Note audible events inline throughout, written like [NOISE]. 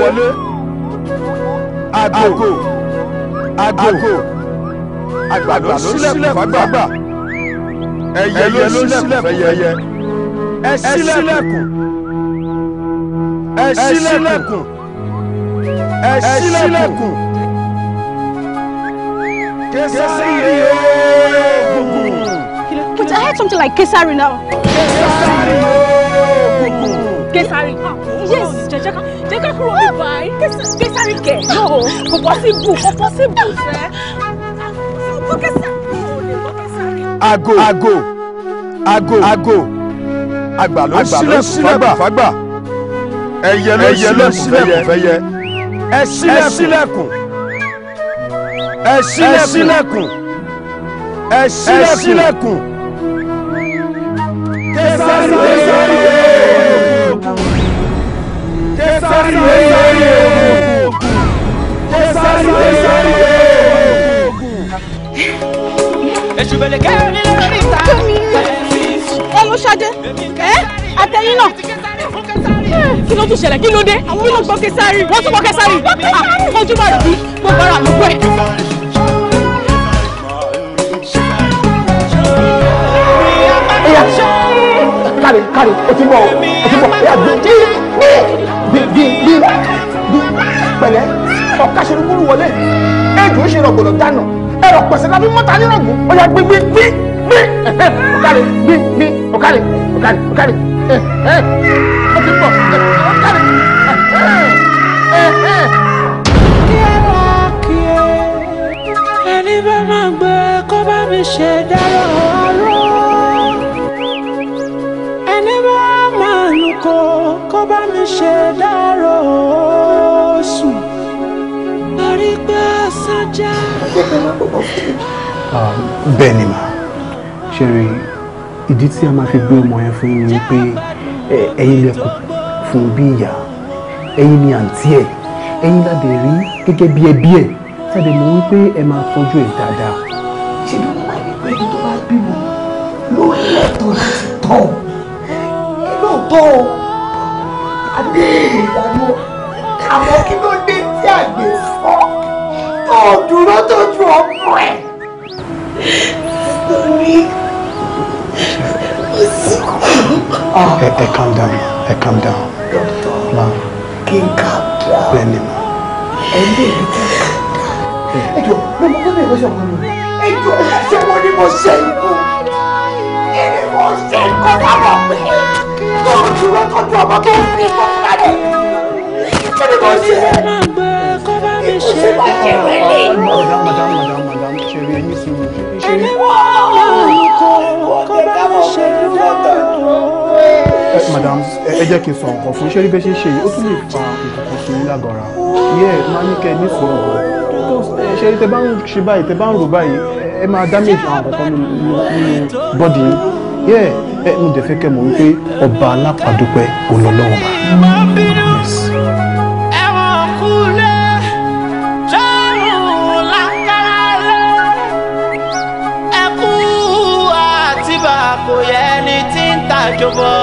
wọlé àgò àgò àgbàdo sílẹ̀ fàgbà ẹyẹ ló sílẹ̀ fẹ́yẹ ẹ sílẹ̀kùn ẹ sílẹ̀kùn ẹ sílẹ̀kùn kẹsàrí oògùn. Wait, I heard something like kesari now. kesari oògùn. kesari. yes jẹ́ ká kúrò ní báyìí. kẹsàrí kẹ̀ yóò kò pọ́síbù kò pọ́síbù fẹ́. ago ago ago ago àgbà ló sílẹ̀ sílẹ̀ fàgbà ẹyẹ ló sílẹ̀ fẹ́yẹ ẹ sílẹ̀kùn ẹ sílẹ̀kùn ẹ sílẹ̀kùn. sáré lórí òògùn kó sáré lórí òògùn. èṣù bẹ̀lẹ̀ kẹ́rin ní lórí ìta. ẹ ló ṣáde ẹ àtẹ̀yìn náà kí ló tún ṣẹlẹ̀ kí ló dé kí ló gbọ́ kẹsàrì wọ́n tún gbọ́ kẹsàrì ah, ojúmọ́ rẹ̀ bí gbogbo ara ló pẹ́. kárí kárí o ti bọ̀ o ti bọ̀ ẹ àgbẹ̀ bí bí bí bí pẹ̀lẹ́ ọ̀ka ṣe rúgbúrú wọlé èjò ń ṣe rọ̀gbọ̀dọ̀ dànù ẹ̀rọ pẹ̀sẹ̀ lábí mọ́ta nírọ̀gùn ó yà gbé gbé gbé gbé ọ̀kàrẹ̀ gbé gbé ọ̀kàrẹ̀ ọ̀kàrẹ̀ ọ̀kàrẹ̀ ẹ̀ ẹ̀ ó ti pọ̀ ọ̀kàrẹ̀ ẹ̀ ẹ̀ ẹ̀. kí ẹ wá kí ẹ ẹni bá máa gbẹ kó bá mi ṣe dárò. bá mi ṣe dárò oṣù. Orí pé sọ́jà. Ah, bẹ́ẹ̀ ni màá, ṣe rí ìdí tí a máa fi gbé ọmọ yẹn fún yín ni pé ẹ̀yin lẹ́kùn fún bí ìyá ẹ̀yin ni àǹtí ẹ̀ ẹ̀yin láti rí gẹ́gẹ́ bí ẹbí ẹ̀ sáde mọ̀ wípé ẹ máa tọ́jú ẹ̀ dáadáa. ṣé ló máa ní pé tó bá bímọ ló lẹ́tọ̀ọ́ láti tọ́ ẹ lóòótọ́ o àbí ìdààmú àmọ́ kí ló dé tí àgbè fọ́ tó dúró tójú ọmọ ẹ̀. lórí ah. ẹ ẹ calm down ẹ calm down. dókítà kí n kà dá. bẹ́ẹ̀ni ma. ẹ ní èyí tí n kà dá. ẹ jọ mo mọ fún mi ìwé ṣọwọ́ mi. ẹ jọ ṣé wọ́n ní mo ṣe ikú ṣe nǹkan táwọn pẹ̀ tó ń dúró tọ́jú ọmọ tó ń fi ìbọn kalẹ̀ kí ni mo ṣe é ìkùsí máa jẹ wẹ́lẹ̀. madam madam madam madam ṣe rí ẹyin sí mi. ẹni wọ́n kọ́ kọ́ bá mi ṣe dáadáa. madam ẹ jẹ́ kí n sọ nǹkan fún ṣé rí bẹ́ẹ̀ ṣe ṣe yìí ó tún lè fa ìkùkù sí lágọ̀ọ́ra yẹ máa ní kẹ́ ẹ ní sọ̀rọ̀ ṣe tẹ bá ń ṣe báyìí tẹ bá ń rò báyìí ẹ máa damage àwọn kọ̀ọ̀kan nínú bọ́dì yìí yẹ ẹ mo dẹ̀ fẹ́ kẹ́ mọ̀ wípé ọba alápàdúpẹ́ olólọ́wọ́ bá. kò yẹ ẹni tí ń tàjọ bọ̀.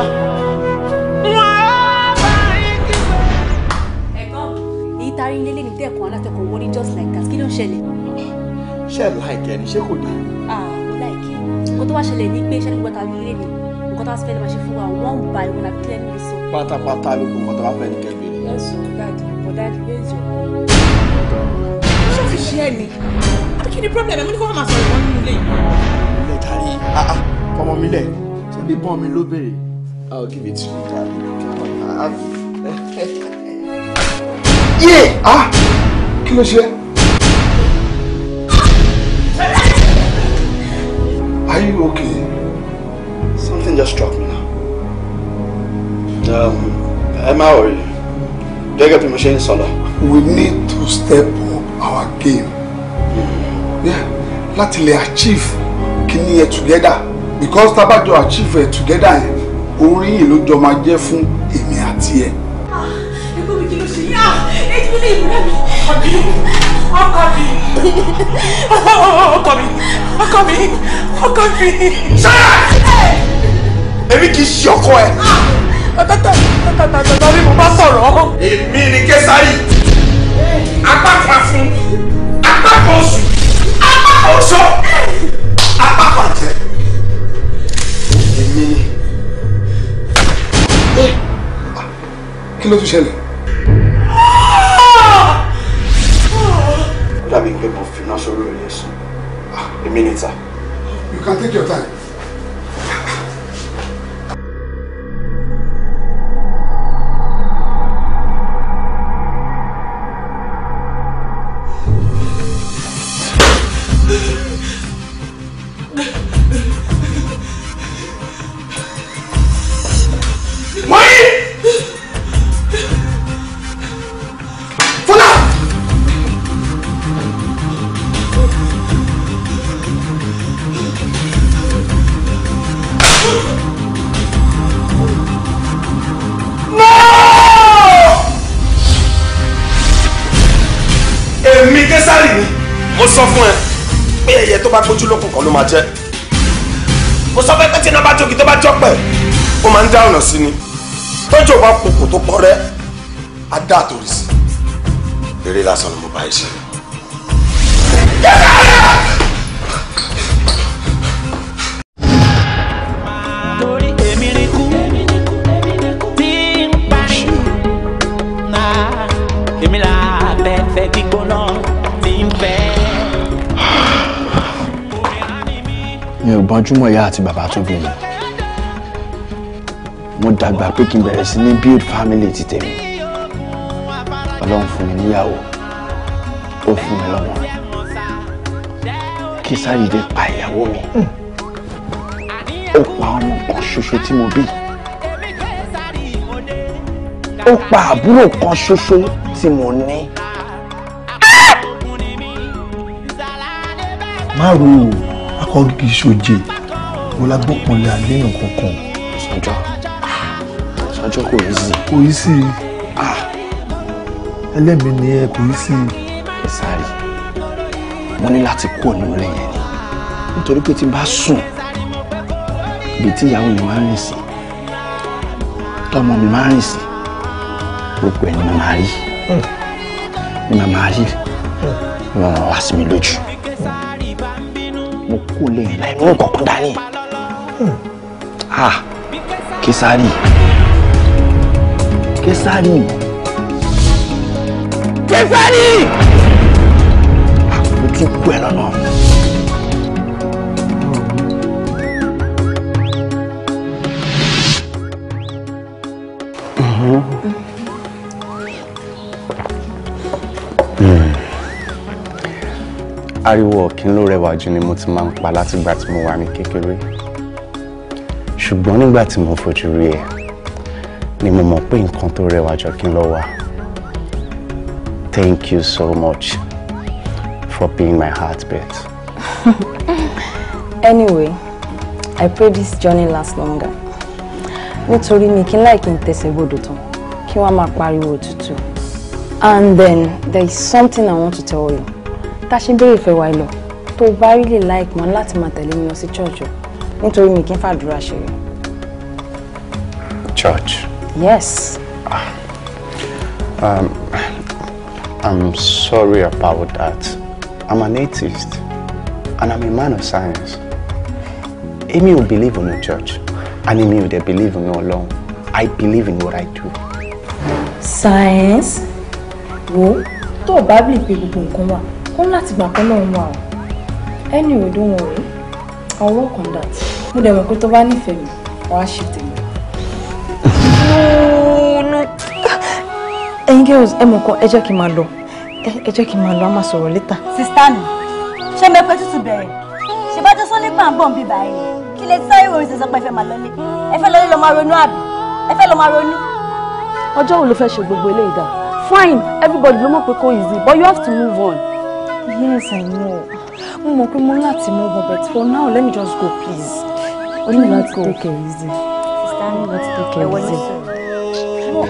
tarí nílé ní tẹ́ẹ̀kan alátẹ̀kọ̀ wọlé just like that kí ló ń ṣẹlẹ̀. ṣé ẹ̀ láìkẹ́ ni ṣé kò dáa. Ah tó wá ṣẹlẹ̀ ní pé ṣẹlẹ̀ gbọ́ta líle ni nǹkan tó wá fẹ́ lè máa ṣe fún wa one by one àbí clear ní sọ. pátápátá ló kó nǹkan tó wá fẹ́ ní kẹ́bí ni. ẹ̀sùn dáàdì bọ̀dáàdì bẹ́ẹ̀jọ. ṣé o fi ṣe ẹ ni àbí kí ni problem ẹ mo ní kó wá máa sọ̀rọ̀ wọn nínú yìí. ilé tari aa ah, ah, fọmọ mi lẹ ṣé bí bọ́n mi ló béèrè. I'll give it to you tari. yé ah kí ló ṣe Are you okay? Something just struck me now. Um, ẹ má worry. Gẹ́gẹ́ bí the machine ń sọ We need to step up our game. Mm. Yeah, let's achieve kíní together because tá achieve ẹ̀ together only oríyìn ló jọ máa from fún èmi àti ẹ. Ah, ẹ̀gbọ́n mi kí ló ṣe yá ah, ẹ̀gbọ́n ọkọ mi ọkọ mi ọkọ mi ọkọ mi. sọ́yà èmi kì í ṣe ọkọ ẹ. tọ́tọ́tọ́tọ́tọ́tọ́ bí mo bá sọ̀rọ̀. èmi ni kẹsàrì apá kan fún apá kan oṣù apá kan oṣù apá kan jẹ èmi ni. Ah, kí ló tún ṣẹlẹ̀. Minutes, sir. You can take your time. mo sọ fún ẹ pé ẹyẹ tó bá gbójú lókun kan ló máa jẹ mo sọ fún ẹ pé tí iná bá jókè tó bá jọpẹ ó máa ń dá ọ̀nà sí ni tọ́jú ọba pòpò tó pọ̀ rẹ́ á dá àtòrí sí eré lásán ni mo bá yìí ṣe. gbọ́njúmọ̀ ìyá àti bàbá tó bí mi mo dàgbà pé kí n bẹ̀rẹ̀ sí ní build family ti tèmi ọlọ́run fún mi níyàwó ó fún mi lọ́mọ kí sáyidé pa ìyàwó mi ó pa ọmọ kan ṣoṣo tí mo bí ó pa àbúrò kan ṣoṣo tí mo ní. má ro o wọn kì í ṣoje wọn la gbọ́kànlé àléèyàn kankan. sanjọ sanjọ kò yí sí. kò yí sí ah. ẹlẹ́mìí ni ẹ kò yí sí. ẹ sáré mo ní láti kú òní orí yẹn ni nítorí pé tí n bá sùn ibi tí ìyàwó mi máa ń rìn sí tọmọ mi máa ń rìn sí gbogbo ẹ̀ ni màá rí hmm. ni màá rí wọn hmm. wá sí mi lójú kò lè láì mú nǹkan kan dání. Hmm. Késárì Késárì Késárì! mo tún kú ẹ lọ́nà. ariwo ọ̀kín ló rẹwà jù ni mo ti máa ń pa látìgbà tí mo wà ní kékeré ṣùgbọ́n nígbà tí mo fojú rí ẹ ni mo mọ̀ pé nǹkan tó rẹwà jọ kí n lọ wà thank you so much for being my heartbeat. [LAUGHS] anyway I pray this journey lasts longer nítorí mi kí n láì kí n tẹsẹ̀ gbọdọ̀ tán kí wọ́n máa pariwo òtútù and then there is something I want to tell you tá a ṣe ń béèrè ìfẹ́ wa lọ tó bá rí lè láì pọn láti máa tẹ̀lé mi lọ sí chọ́ọ̀chù nítorí mi kì í fàdúrà ṣeré. church. yes. Ah. Um, I'm sorry about that. I'm an atheist and I'm a man of science. Èmi ò believe in a church and èmi ò dẹ̀ believe in Ọlọ́run. I believe in what I do. Science? Wo tó o bá bìlì pé gbogbo nǹkan wà wọ́n láti gbà pé lọ́run wà o ẹni ò dún wọn rí ọwọ́ kan dà mo dẹ̀ mọ̀ pé tó bá nífẹ̀ẹ́ mi wàá ṣe tèmi. ẹ̀yin girls ẹ mọ̀ kan ẹ jẹ́ kí n máa lọ ẹ jẹ́ kí n máa lọ a máa sọ̀rọ̀ létà. sista mi ṣé mẹ́pẹ́ tútù bẹ̀rẹ̀ ṣe bá tó sọ́lé pàǹbọ̀n bíbá ẹ̀ kí lè sáré orin ṣe sọ pé ẹ fẹ́ máa lọlé ẹ fẹ́ lọlé lọ máa ronú àbí ẹ fẹ́ lọ máa ronú. ọjọ́ wo ló fẹ́ ṣe gbogbo eléyìí dà fine everybody ló mọ̀ pé kò easy but you have to move on. Yes, I know. Mo mọ̀ pé let's move mọ but for now let me just go please. O ní láti take care easy. Sista ní láti take care easy. Mo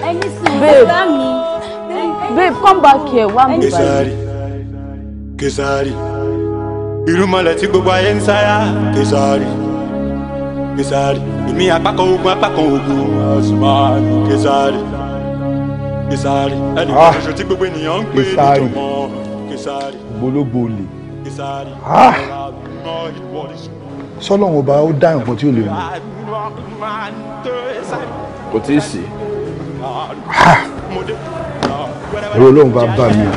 Babe come back here one minute. Kesari Kesari iruma leti gbogbo ayé ń Kesari Kesari èmi apako ogun apákan ogun Asumani Kesari Kesari ẹnìkan ah. ṣoṣo tí gbogbo ènìyàn ń pè gbológbò lè sọlọ́run ọba ó dá nǹkan tí ó lè mú. kò tí ì sí. ẹ̀rọ ọlọ́run bá bá mi.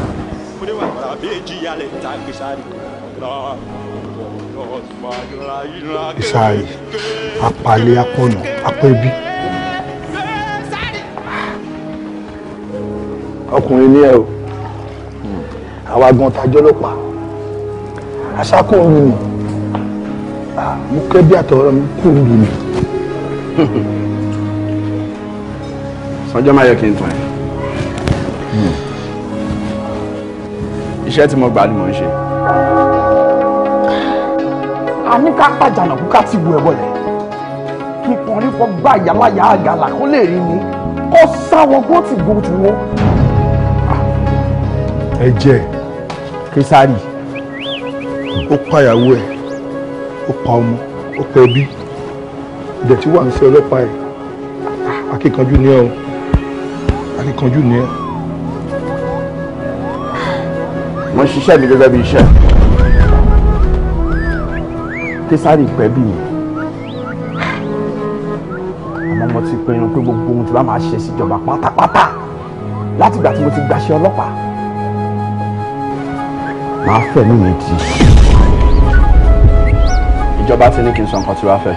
ìsàrè apàlẹ́ apọ̀nà apẹ́bí. ọkùnrin ni ẹ o àwa gan ta jọlọ́pàá àṣàkóòrùn ni mo kẹ́ bí àtọ̀rọ̀ mi kóòrùn ni. [LAUGHS] sanjọ́ máa yẹ kí n tún ẹ̀ hmm. iṣẹ́ tí mo gbà ni mò ń ṣe. a ní ká pàjánà kú ká ti wù ẹ̀ bọ̀lẹ̀ kíkan rí fọ́ gbá ìyáláyà àgàlà kó lè rí ni kó sáwọn gbó ti gbó ti ẹ jẹ́ ẹ̀ késàrì. ó pàyàwó ẹ̀ ó pa ọmọ ó pa ẹbí ìdẹ̀tí wà ń ṣe ọlọ́pàá ẹ̀ akíkanjú ni ẹ o akíkanjú ni ẹ. wọ́n ṣiṣẹ́ mi gẹ́gẹ́ bí iṣẹ́ késàrì pẹ̀bí mi àmọ́ mo ti pinnu pé gbogbo ohun tí bá máa ṣe síjọba pátápátá láti ìgbà tí mo ti gbàṣẹ ọlọ́pàá màá fẹ̀mí mi dì í. ìjọba ti ní kí n sọ nǹkan tí wàá fẹ́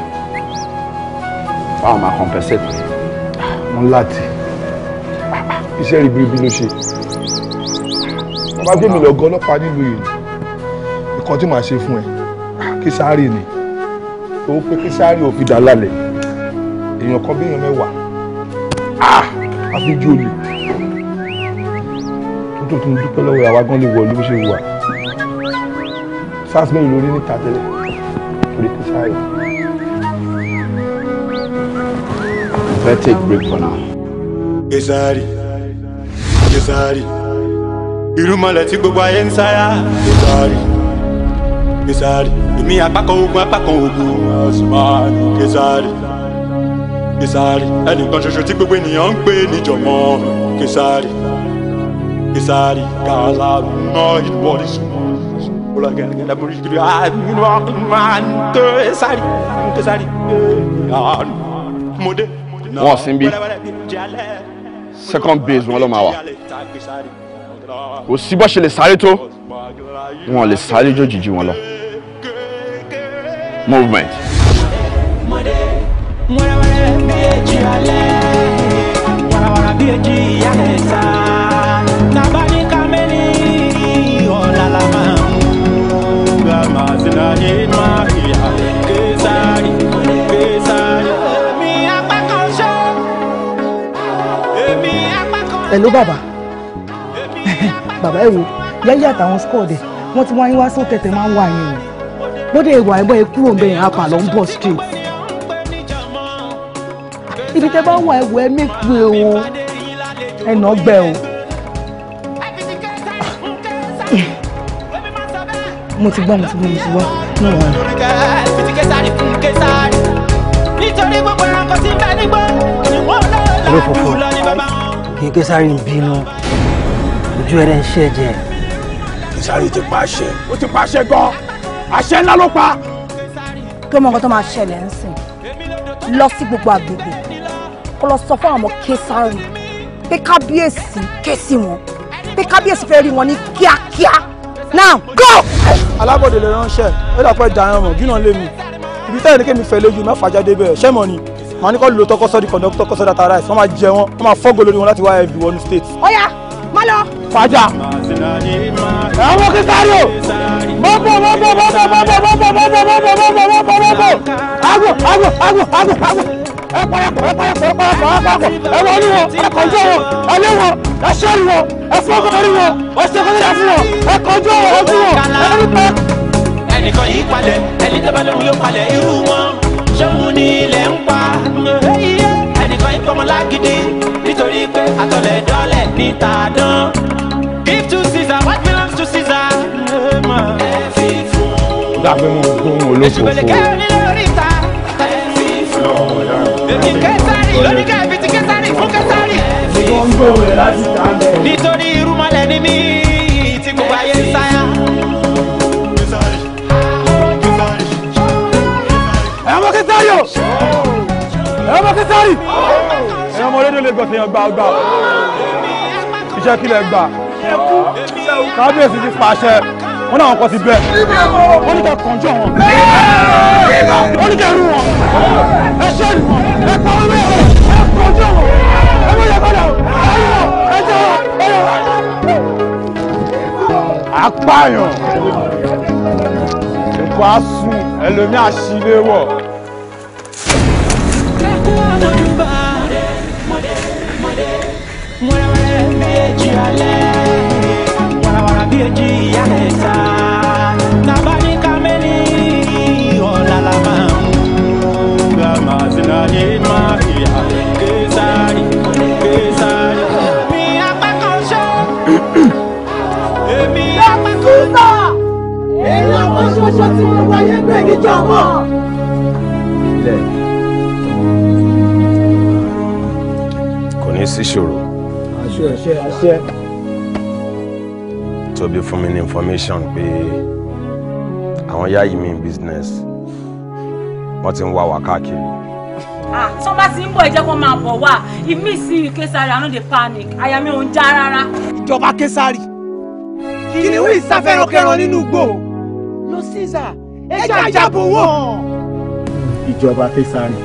báwọn máa compensate. mo ń láti iṣẹ́ ribiribi ló ṣe bàbá gbé mi lọ́gọ́ ọlọ́pàá nílùú yìí nǹkan tí màá ṣe fún ẹ kí sáré ni owó pé kí sáré ò fi dà lálẹ́ èèyàn kan bí èèyàn mẹ́wàá ah! àfi ju olè tó tó tún dúpẹ́ lọ́wọ́ àwa gan lè wọ̀ ló ṣe wà sars mélòó lórí níta tẹ́lẹ̀ torí let's take break for now. kesari kesari irúmọlẹ̀ tí gbogbo ayé ń sáyà kesari kesari èmi apákan ogun apákan ogun kesari kesari ẹnìkan ṣoṣo tí gbogbo ènìyàn ń pè níjọ̀mọ́ kesari kesari kàlà náà ìwọlé sùn pulang kan kan dapat istri angin waktu mantu sari mantu sari mode wọn sin bi second base wọn lọ máa wà kò sí bó ṣe lè sáré tó wọn lè sáré jòjìjì wọn lọ movement. mọ̀dé wàràwàrà bí èjì alẹ́ wàràwàrà bí èjì ìyá ẹ̀ hello bàbá [LAUGHS] bàbá ẹ wo yáyà àtàwọn squad ẹ wọ́n ti wáyé wá só tẹ̀tẹ̀ máa ń wá yẹn o bóde ìwà ẹ̀bọ́ ẹ kúrò ńbẹ̀ yẹn apà lọ ń bọ̀ street ibi tẹ́ bá wà ẹ wọ ẹ mẹ́kú ẹ o ẹ nà gbẹ o. [LAUGHS] mo ti gbọ́ mo ti gbọ́ mo ti gbọ́ mo wà. ní bàbá Yínké sáré ń bínú ojú ẹ̀rẹ̀ ń ṣẹ̀jẹ̀. Ìsáré ti pa àṣẹ ó ti pa àṣẹ gan àṣẹ ńlá ló pa. kí ọmọ nǹkan tó máa ṣẹlẹ̀ ń sìn lọ sí gbogbo àgbègbè kó lọ sọ fún àwọn Késárì pé kábíyèsí ké sí wọn pé kábíyèsí fẹ́ rí wọn ní kíákíá now go. alábọ̀dé lè ránṣẹ́ ó dàpọ̀ ìdáná mọ̀ gínà lé mi ibi táyà ní kémi fẹ́ lójú má fàájà débẹ̀ ṣẹ́mọ̀ ni màá ní kọ́ lo tọkọ sọ́ọ́dì kọ̀ǹdọ́tọ̀ kọ́ sọ́ọ́dà tara ẹ̀ wọ́n máa jẹ wọn wọ́n máa fọ́gò lórí wọn láti wá ẹbí wọnú state. ọ̀yà má lọ. fàájà. àwọn kíkárì o mọ́bọ̀ mọ́bọ̀ mọ́bọ̀ mọ́bọ̀ mọ́bọ̀ mọ́bọ̀ mọ́bọ̀ mọ́bọ̀ mọ́bọ̀ àgò àgò àgò àgò àgò ẹ payapọ̀ ẹ payapọ̀ ẹ payapọ̀ ẹ payapọ̀ ẹ wọlé wọn ẹ kọjọ wọn ẹ lé wọn ẹ sẹ́rì wọn ẹ fọ́gọ́rì wọn ẹ sẹ́kọ́rì ẹ fún wọn ẹ kọjọ wọn ẹ fún wọn ẹ rí pẹ́. ẹnìkan yìí palẹ̀ ẹni dábàá lóhun yóò palẹ̀ irú wọn ṣéun ilẹ̀ ń pa ẹnìkan ìfọmọ lágídí nítorí pé àtọ̀lẹ̀ dọ́lẹ̀ níta dán. give to Caesar what belongs to Caesar. ẹ fi fún gbóhùn olófòfò. èṣù bẹ̀lẹ̀ kẹ́rin nílé orí ìta. ẹ èmi kẹsàrì lóníkà ìfìtì kẹsàrì fún kẹsàrì. mo nítorí yìí ẹ̀yin ọmọ rédíò lè gbọ̀sẹ̀ yẹn gbà ọgbà iṣẹ́ kílẹ̀ gbà kábíyèsí ti pàṣẹ wọn náà kọ sí bẹ́ẹ̀ wọn ní ká kànjọ rú wọn ẹ ṣe rú wọn ẹ pa wọn bẹ́ẹ̀ ẹ kànjọ wọn ẹ bẹ yẹ padà ẹ jẹ wọn ẹ yọ wọn. apáyàn ẹ̀kọ́ á sùn wọ̀ tọ́dúnbà wẹ́rẹ́wẹ́rẹ́ bí èjì alẹ́ wàràwàrà bí èjì ìyá ẹ̀ta nàbàdí kàmẹ́lì ọ̀làlà máa ń mú gàmà sínú ayé máa fi àlẹ́ késàrì késàrì. sí ìṣòro. àṣẹ àṣẹ àṣẹ. tóbi fún mi ní information pé àwọn yáyí mi business wọ́n ti ń wá wa káàkiri. Ah, tó bá ti ń bọ̀ ẹ jẹ́ kó máa bọ̀ wá ìmí sí késàrì àánú dey panic àyà mi ò ń já rárá. ìjọba késàrì kìnìún ìsáfẹ́rànkẹran nínú igbó ló ṣíṣà ẹ jàjàbọ̀ wọ̀. ìjọba késàrì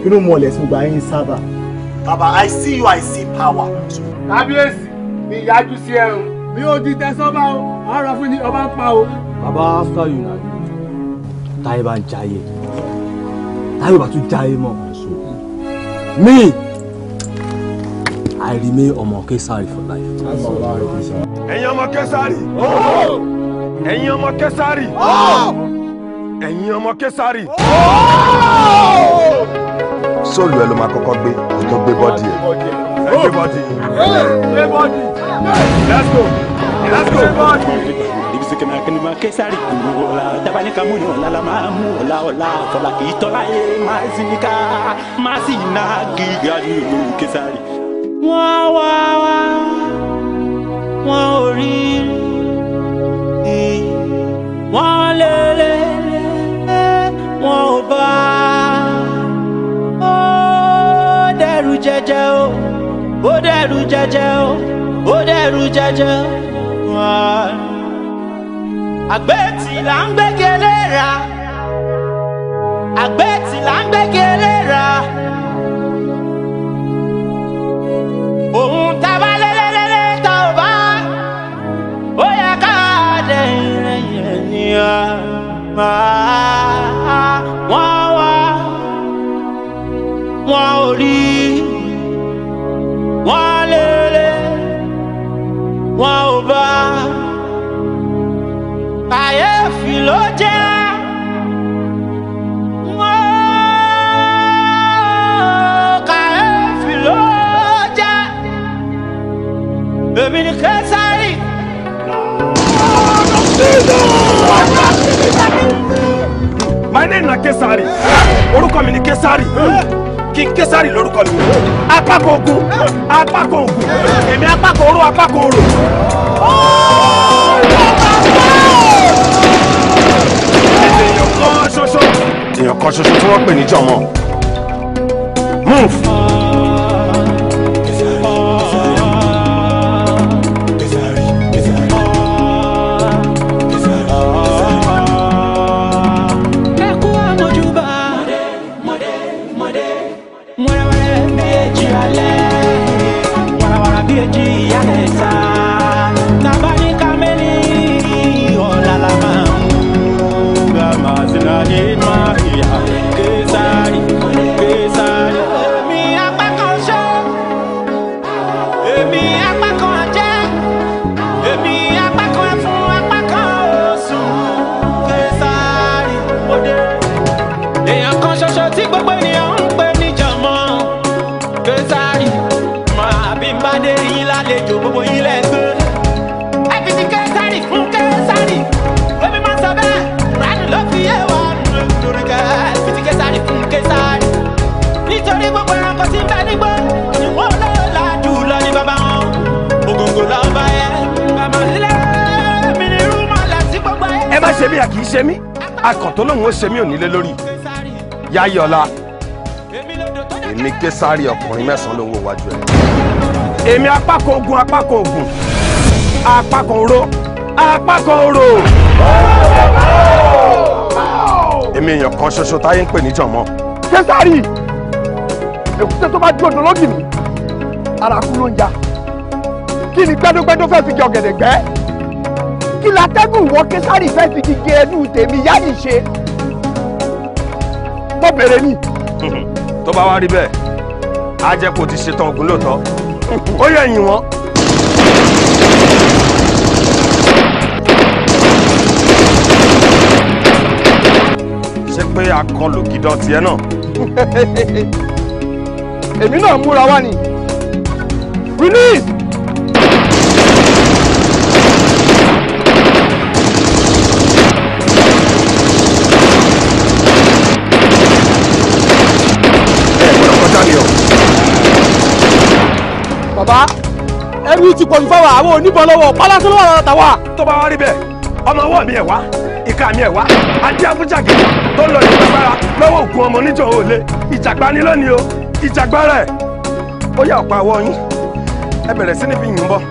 kí ló mú ọlẹ̀ sí gbogbo ayé ń sábà. Baba, I see you, I see power. Kábíyèsí, mi yájú sí ẹrù. Mi ò di tẹ́sọ́bà o, ara fún ni ọba ń pa o. Bàbá after you na táyé bá ń jayé. Táyé bá tún jayé mọ́. Me, I remain ọmọ Késàrì for life. Ẹ̀yin ọmọ Késàrì. Ẹ̀yin ọmọ Késàrì. Ẹ̀yin ọmọ Késàrì sóòlù ẹ ló máa kọ́kọ́ gbé kó gbé bọ́dì ẹ. let's go let's go. Wọ́n wá wá wọ́n ò rí rí wọ́n lélẹ̀. Oderu jaja o, Oderu jaja, dẹ̀rù Agbeti àgbẹ̀tì là ra Agbeti là ń ra òun tá ba bá lélẹ́lẹ́lẹ́ tá ò Oya ó yẹ ká dẹ̀yìn rẹ̀ yẹn ni a máa. wọ́n lélẹ wọ́n ò bá kàyéfì ló jẹ́. Èmi ni Kẹsàrì. My name is Kesari. Orúkọ mi ni Kesari. King Kesari lórúkọ mi apákan ogun apákan ogun èmi apákan oró apákan oró. èèyàn kan ṣoṣo èèyàn kan ṣoṣo tí wọ́n pè ní jọmọ move. ṣe mí a kì í ṣe mí akọ̀tọ́ lòun ó ṣe mí ònílé lórí yáyọ̀lá èmi késàrí ọkùnrin mẹ́sàn-án lòun ò wájú ẹ̀. èmi apákan ogun apákan ogun apákan oró apákan oró. èmi èèyàn kan ṣoṣo táyé ń pè ní jọ̀mọ́. késàrí èkúté tó bá dúró dúró lódì ara kú ló ń ja kí ni gbẹdúgbẹdú fẹ́ fi jẹ ọ̀gẹ̀dẹ̀ kí latẹ́gùn ìwọ késàrì fẹ́ fi gígé ẹnu tèmi yáyì ṣe mo bèrè ni. tó bá wá rí bẹ́ẹ̀ á jẹ́ kó ti ṣetán ogun lóòótọ́ ó yẹ ẹ̀yìn wọn. ṣé pé akọlù gidan tiẹ̀ náà. èmi náà múra wá ni release. yìí ti pọ̀jù fáwọn àwọn oníbọn lọ́wọ́ pálásán lọ́wọ́ àwọn tàwa. tó bá wá rí bẹ́ẹ̀ ọmọ ọwọ́ mi ẹ̀ wá ìka mi ẹ̀ wá ajé abújà gidi tó lọ ìjàgbára lọ́wọ́ òkú ọmọ oníjọ òòlẹ̀ ìjàgbá ni lónìí o ìjàgbára ẹ̀ ó yà ọ̀pá ọwọ́ yín ẹ bẹ̀rẹ̀ sí ní fi yìnbọn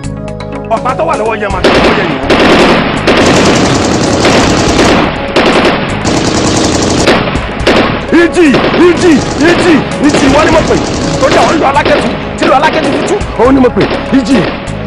ọ̀pá tó wà lọ́wọ́ yẹn máa tó yẹ yìnbọn. ìjì ìjì ìjì ìjì wọ́n ní mo pè tó jẹ́ òun lọ alákẹ́tù tí lọ alákẹ́tù tútù òun ní mo pè ìjì.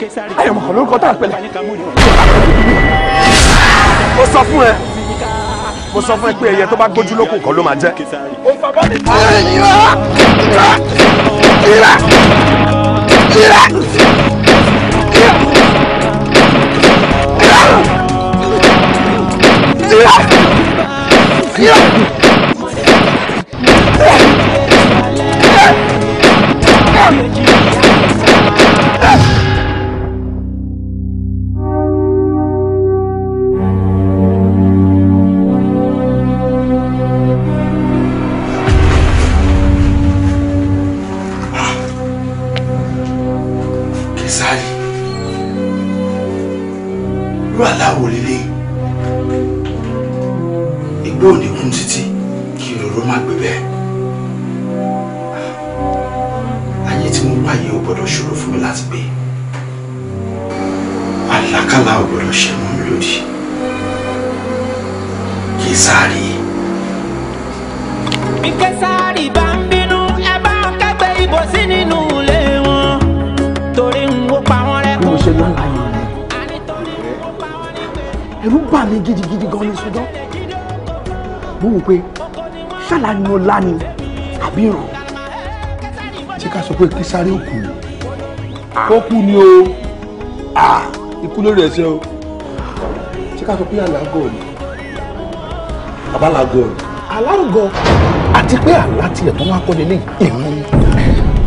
I am ló ń kọ́ tá à ń pẹ̀lẹ́. ó sọ fún ẹ mo sọ fún ẹ pé ẹyẹ tó bá gbójú lókun kan ló máa jẹ. Yeah! bírò ṣé ká sọ pé kí sáré òkú ah. ó kú ni o ah, ikú lórí ẹsẹ̀ o ṣé ká sọ pé àlágọ ni àbálàgọ ni. àlágọ àti pé àlá tiẹ̀ tó wá kọ́ lé lẹ́yìn ìran ni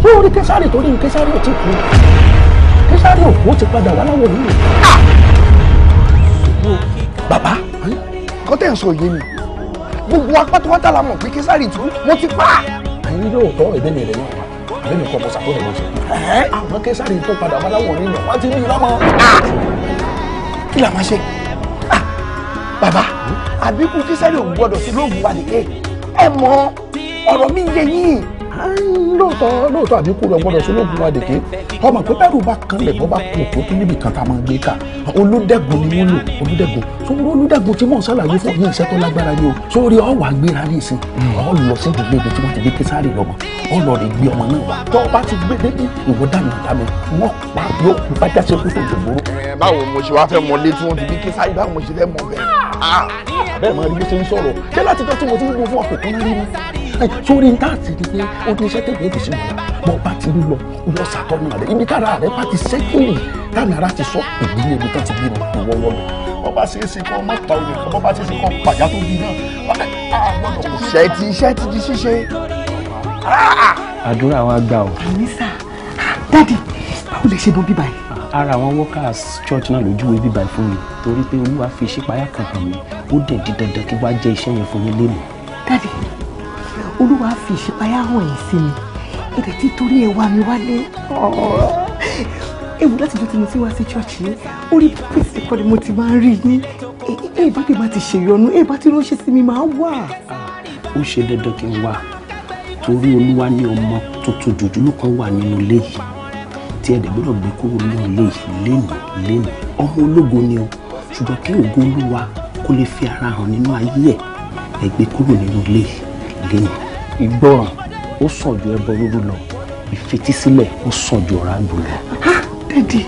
ó rí kẹsàrì tó rí kẹsàrì ò ti kú kẹsàrì òkú ó ti padà wá láwọn onílù. Ah! bàbá kọ́tẹ́ ń sọ yìí ni gbogbo apá tó wá tà lámọ̀ pé kẹsàrì tó wọ́n ti pa á ní lóòótọ́ ìbéèrè rẹ̀ náà wà lẹ́nu kọ́ bọ́sà tó lè mọ̀ ṣe. àwọn kẹsàrì tó padà wá láwọn oníyàn wá ti ní ìlọ́mọ. Ah! kí la máa ṣe ah! bàbá àbíkú kẹsàrì òun gbọ́dọ̀ sí lóògùn wa nìkẹ́ ẹ mọ ọ̀rọ̀ mi yẹ yín lóòótọ́ lóòótọ́ àbíkú rẹ̀ gbọ́dọ̀ sólógun adèké ọmọ pé bẹ́ẹ̀ ló bá kan lẹ̀ bọ́ bá kù tó tún níbi kan tá a máa gbé ká olùdẹ́gun ni wọ́n lò olùdẹ́gun sórí olùdẹ́gun tí mò ń ṣàlàyé fún yín iṣẹ́ tó lágbára ni o sórí ọ̀wà gbéra ní ìsìn ọ̀ lọ sí gbogbo ibi tí wọ́n ti gbé késàrì lọ́mọ ọ̀ lọ rè gbé ọmọ náà wá tó o bá ti gbé dédé ìwọ dànù sórí n táàsì ni pé ó ní iṣẹ́ tẹ̀lé ìdìsí wọn bọ́ bá ti ń lọ lọ sàtọ́nù rẹ̀ ibi tára rẹ̀ bá ti sẹ́kìlì táwọn ará ti sọ ìdílé ibi tó ti bí ìwọ wọn lọ wọ́n bá ṣeé ṣe kọ́ má pa olè kọ́ bá ṣeé ṣe kọ́ pàjá tó bí náà àgbọ̀dọ̀ iṣẹ́ ti iṣẹ́ ti di ṣíṣe. àdúrà wa gbà o. àmì sà dáàdì báwo lè ṣe bọ bíbá yìí ara àwọn workers church náà lójúwe bíbá fún mi torí pé olúwa fi ìṣípayá kan hàn mí ó dẹ̀ di dandan kí wàá jẹ́ iṣẹ́ yẹn fún yín lénìí. dáàdì olúwa fi ìṣípayá hàn yín sí mi èdè tí torí ẹ wá mi wálé ewu láti jọ tí mo ti wá sí ṣọ́ọ̀ṣì orí pèsè kọ́ ni mo ti máa ń rí yín ẹ bá ti bá ti ṣèyọnu ẹ bá ti ránṣẹ́ sí mi máa wà. ó ṣe dandan kí n wá torí olúwa ní ọmọ tuntun dùdúlù kan wà nínú ilé yìí tí ẹ̀dẹ̀ gbọ́dọ̀ gbé kúrò nínú ilé yìí lénìí lénìí ọmọ ológo ni o ṣùgbọ́n kí ògo olúwa kó lè fi ara hàn nínú ayé ẹ̀ ẹ̀ gbé kúrò nínú ilé yìí again ìgbọràn ó sàn ju ẹbọ rúru lọ ìfetísílẹ̀ ó sàn ju ọ̀rá àgbò lọ. dèdè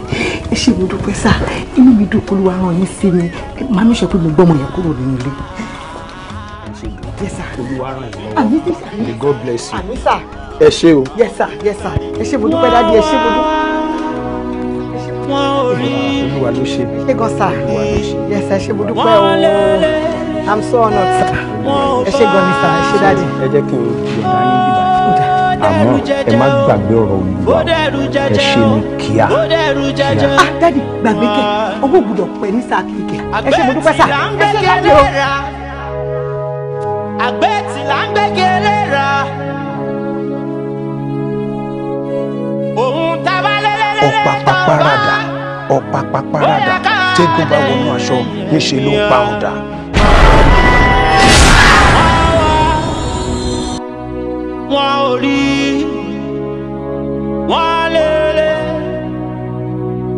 ẹ ṣe mo dúpẹ́ sá inú mi dùn kó ló wá ràn yín sí mi màá mi sọ pé mo gbọ́ ọmọ yẹn kúrò nínú ilé. olúwa ràn yín lọ́wọ́ may God bless you. ẹ ṣé o. yes sir yes sir ẹ ṣé mo dúpẹ́ dáadé ẹ ṣé mo dúpẹ́ wọn ò rí. olúwa ṣe mí. ṣé gan sa yes ẹ ṣe mo dúpẹ́ o i'm so honored sir ẹ ṣe gan ni sir ẹ ṣe dáàdi. ẹ jẹ́ kí n yọ̀dá yín bí báyìí àmọ́ ẹ má gbàgbé ọ̀rọ̀ olùwà ẹ ṣe ní kíá kíá. ah dáàdi gbàgbé kẹ owó gbọ́dọ̀ pẹ́ ní sáà kìkẹ ẹ ṣe mo dúpẹ́ sá ẹ ṣe dáàdi o. àgbẹ̀ tí là ń gbẹ́gẹ́lẹ́ ra òun tabalẹ́lẹ́lẹ́ tán bá. ọ̀pá pàpàràdà ọ̀pá pàpàràdà tẹ́gùn bá wọnú aṣọ níṣẹ́ ló ń pa ọ̀dà. orí wọn á lélẹ̀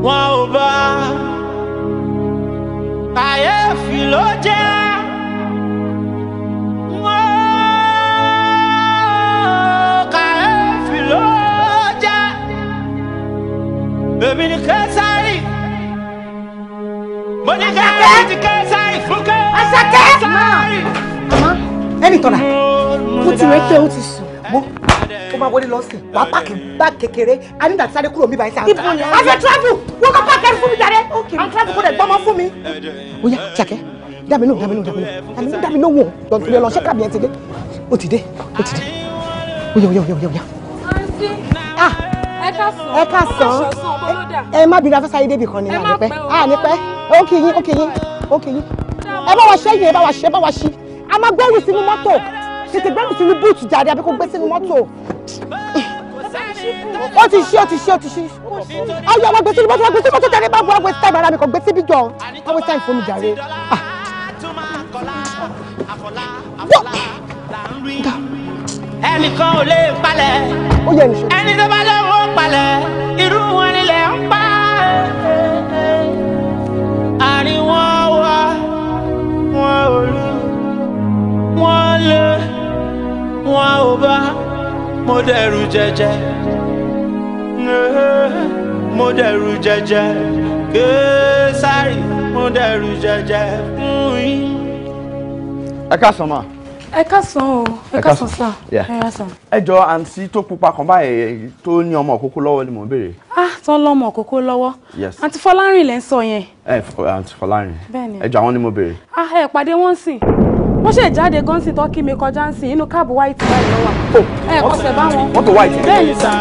wọn ò bá kàyéfì ló jẹ́. Èmi ni Kẹsàrì. Mo ní Kẹsàrì ti Kẹsàrì fún Kẹsàrì. Àṣàkẹ́. Màmá ẹnì tọ́ra, ó ti rẹ́ pé ó ti sùn kó máa wọlé lọ sí wà á pààkì bá kékeré a ní dàtí sáré kúrò mi báyìí sáà. ibo ni a fẹ́ travel wọ́n kọ́ pààkì ẹrù fún mi jàre and travel kó dẹ̀ gbọ́mọ fún mi. ó yá jàkẹ́ no dàmínú dàmínú dàmínú wò lọ́ntìlẹ̀ no sẹ́kàbí ẹ ti dé ó ti dé ó ti dé ó yá ó yá ó yá ó yá. Ah! ẹ ká sàn ẹ má bínú afẹ́sáyé débì kan ni ànípẹ́ ànípẹ́ ó kì í yín ó kì í yín ó kì í yín ẹ bá wa ṣẹ́yìn ẹ bá wa ṣẹ́ bá wa ṣí a máa gbẹ́rù sínú mọ́tò tètè gbé mi sínú búùtù jáde àbí kò gbé sínú mọ́tò ó ti ṣí ó ti ṣí ó ti ṣí ayọ̀ àwọn gbèsè mọ́tò gbèsè mọ́tò jáde bá bu àwọn waste mi kò gbèsè bí jọ àwọn waste time jàre. Ah. ẹnìkan ò lè palẹ̀ ẹni tó bá lọ́wọ́ palẹ̀ irú wọn nílẹ̀ ń pa àríwọ̀n. wọn ò bá mo dẹ̀rù jẹjẹ eh, mo dẹ̀rù jẹjẹ Késárì mo dẹ̀rù jẹjẹ fún yín. ẹ káàsán ma. ẹ káàsán o ẹ káàsán sá ẹ káàsán. ẹ jọ àǹtí tó pupa kan báyìí tó ní ọmọ òkókó lọ́wọ́ ni mò ń béèrè. ah tán lọ́mọ òkókó lọ́wọ́. yes àǹtí fọlárìn lẹ́ ń sọ yẹn. ẹ àǹtí fọlárìn ẹ jọ àwọn ni mo béèrè. ah ẹ pàdé wọn sìn wọ́n ṣe jáde gan sí tọ́kí mi kọjá ń sìn inú káàbù white báyìí lọ́wọ́ oh, ẹ kọsẹ̀ bá wọn. mọ́tò white bẹ́ẹ̀ ni sà.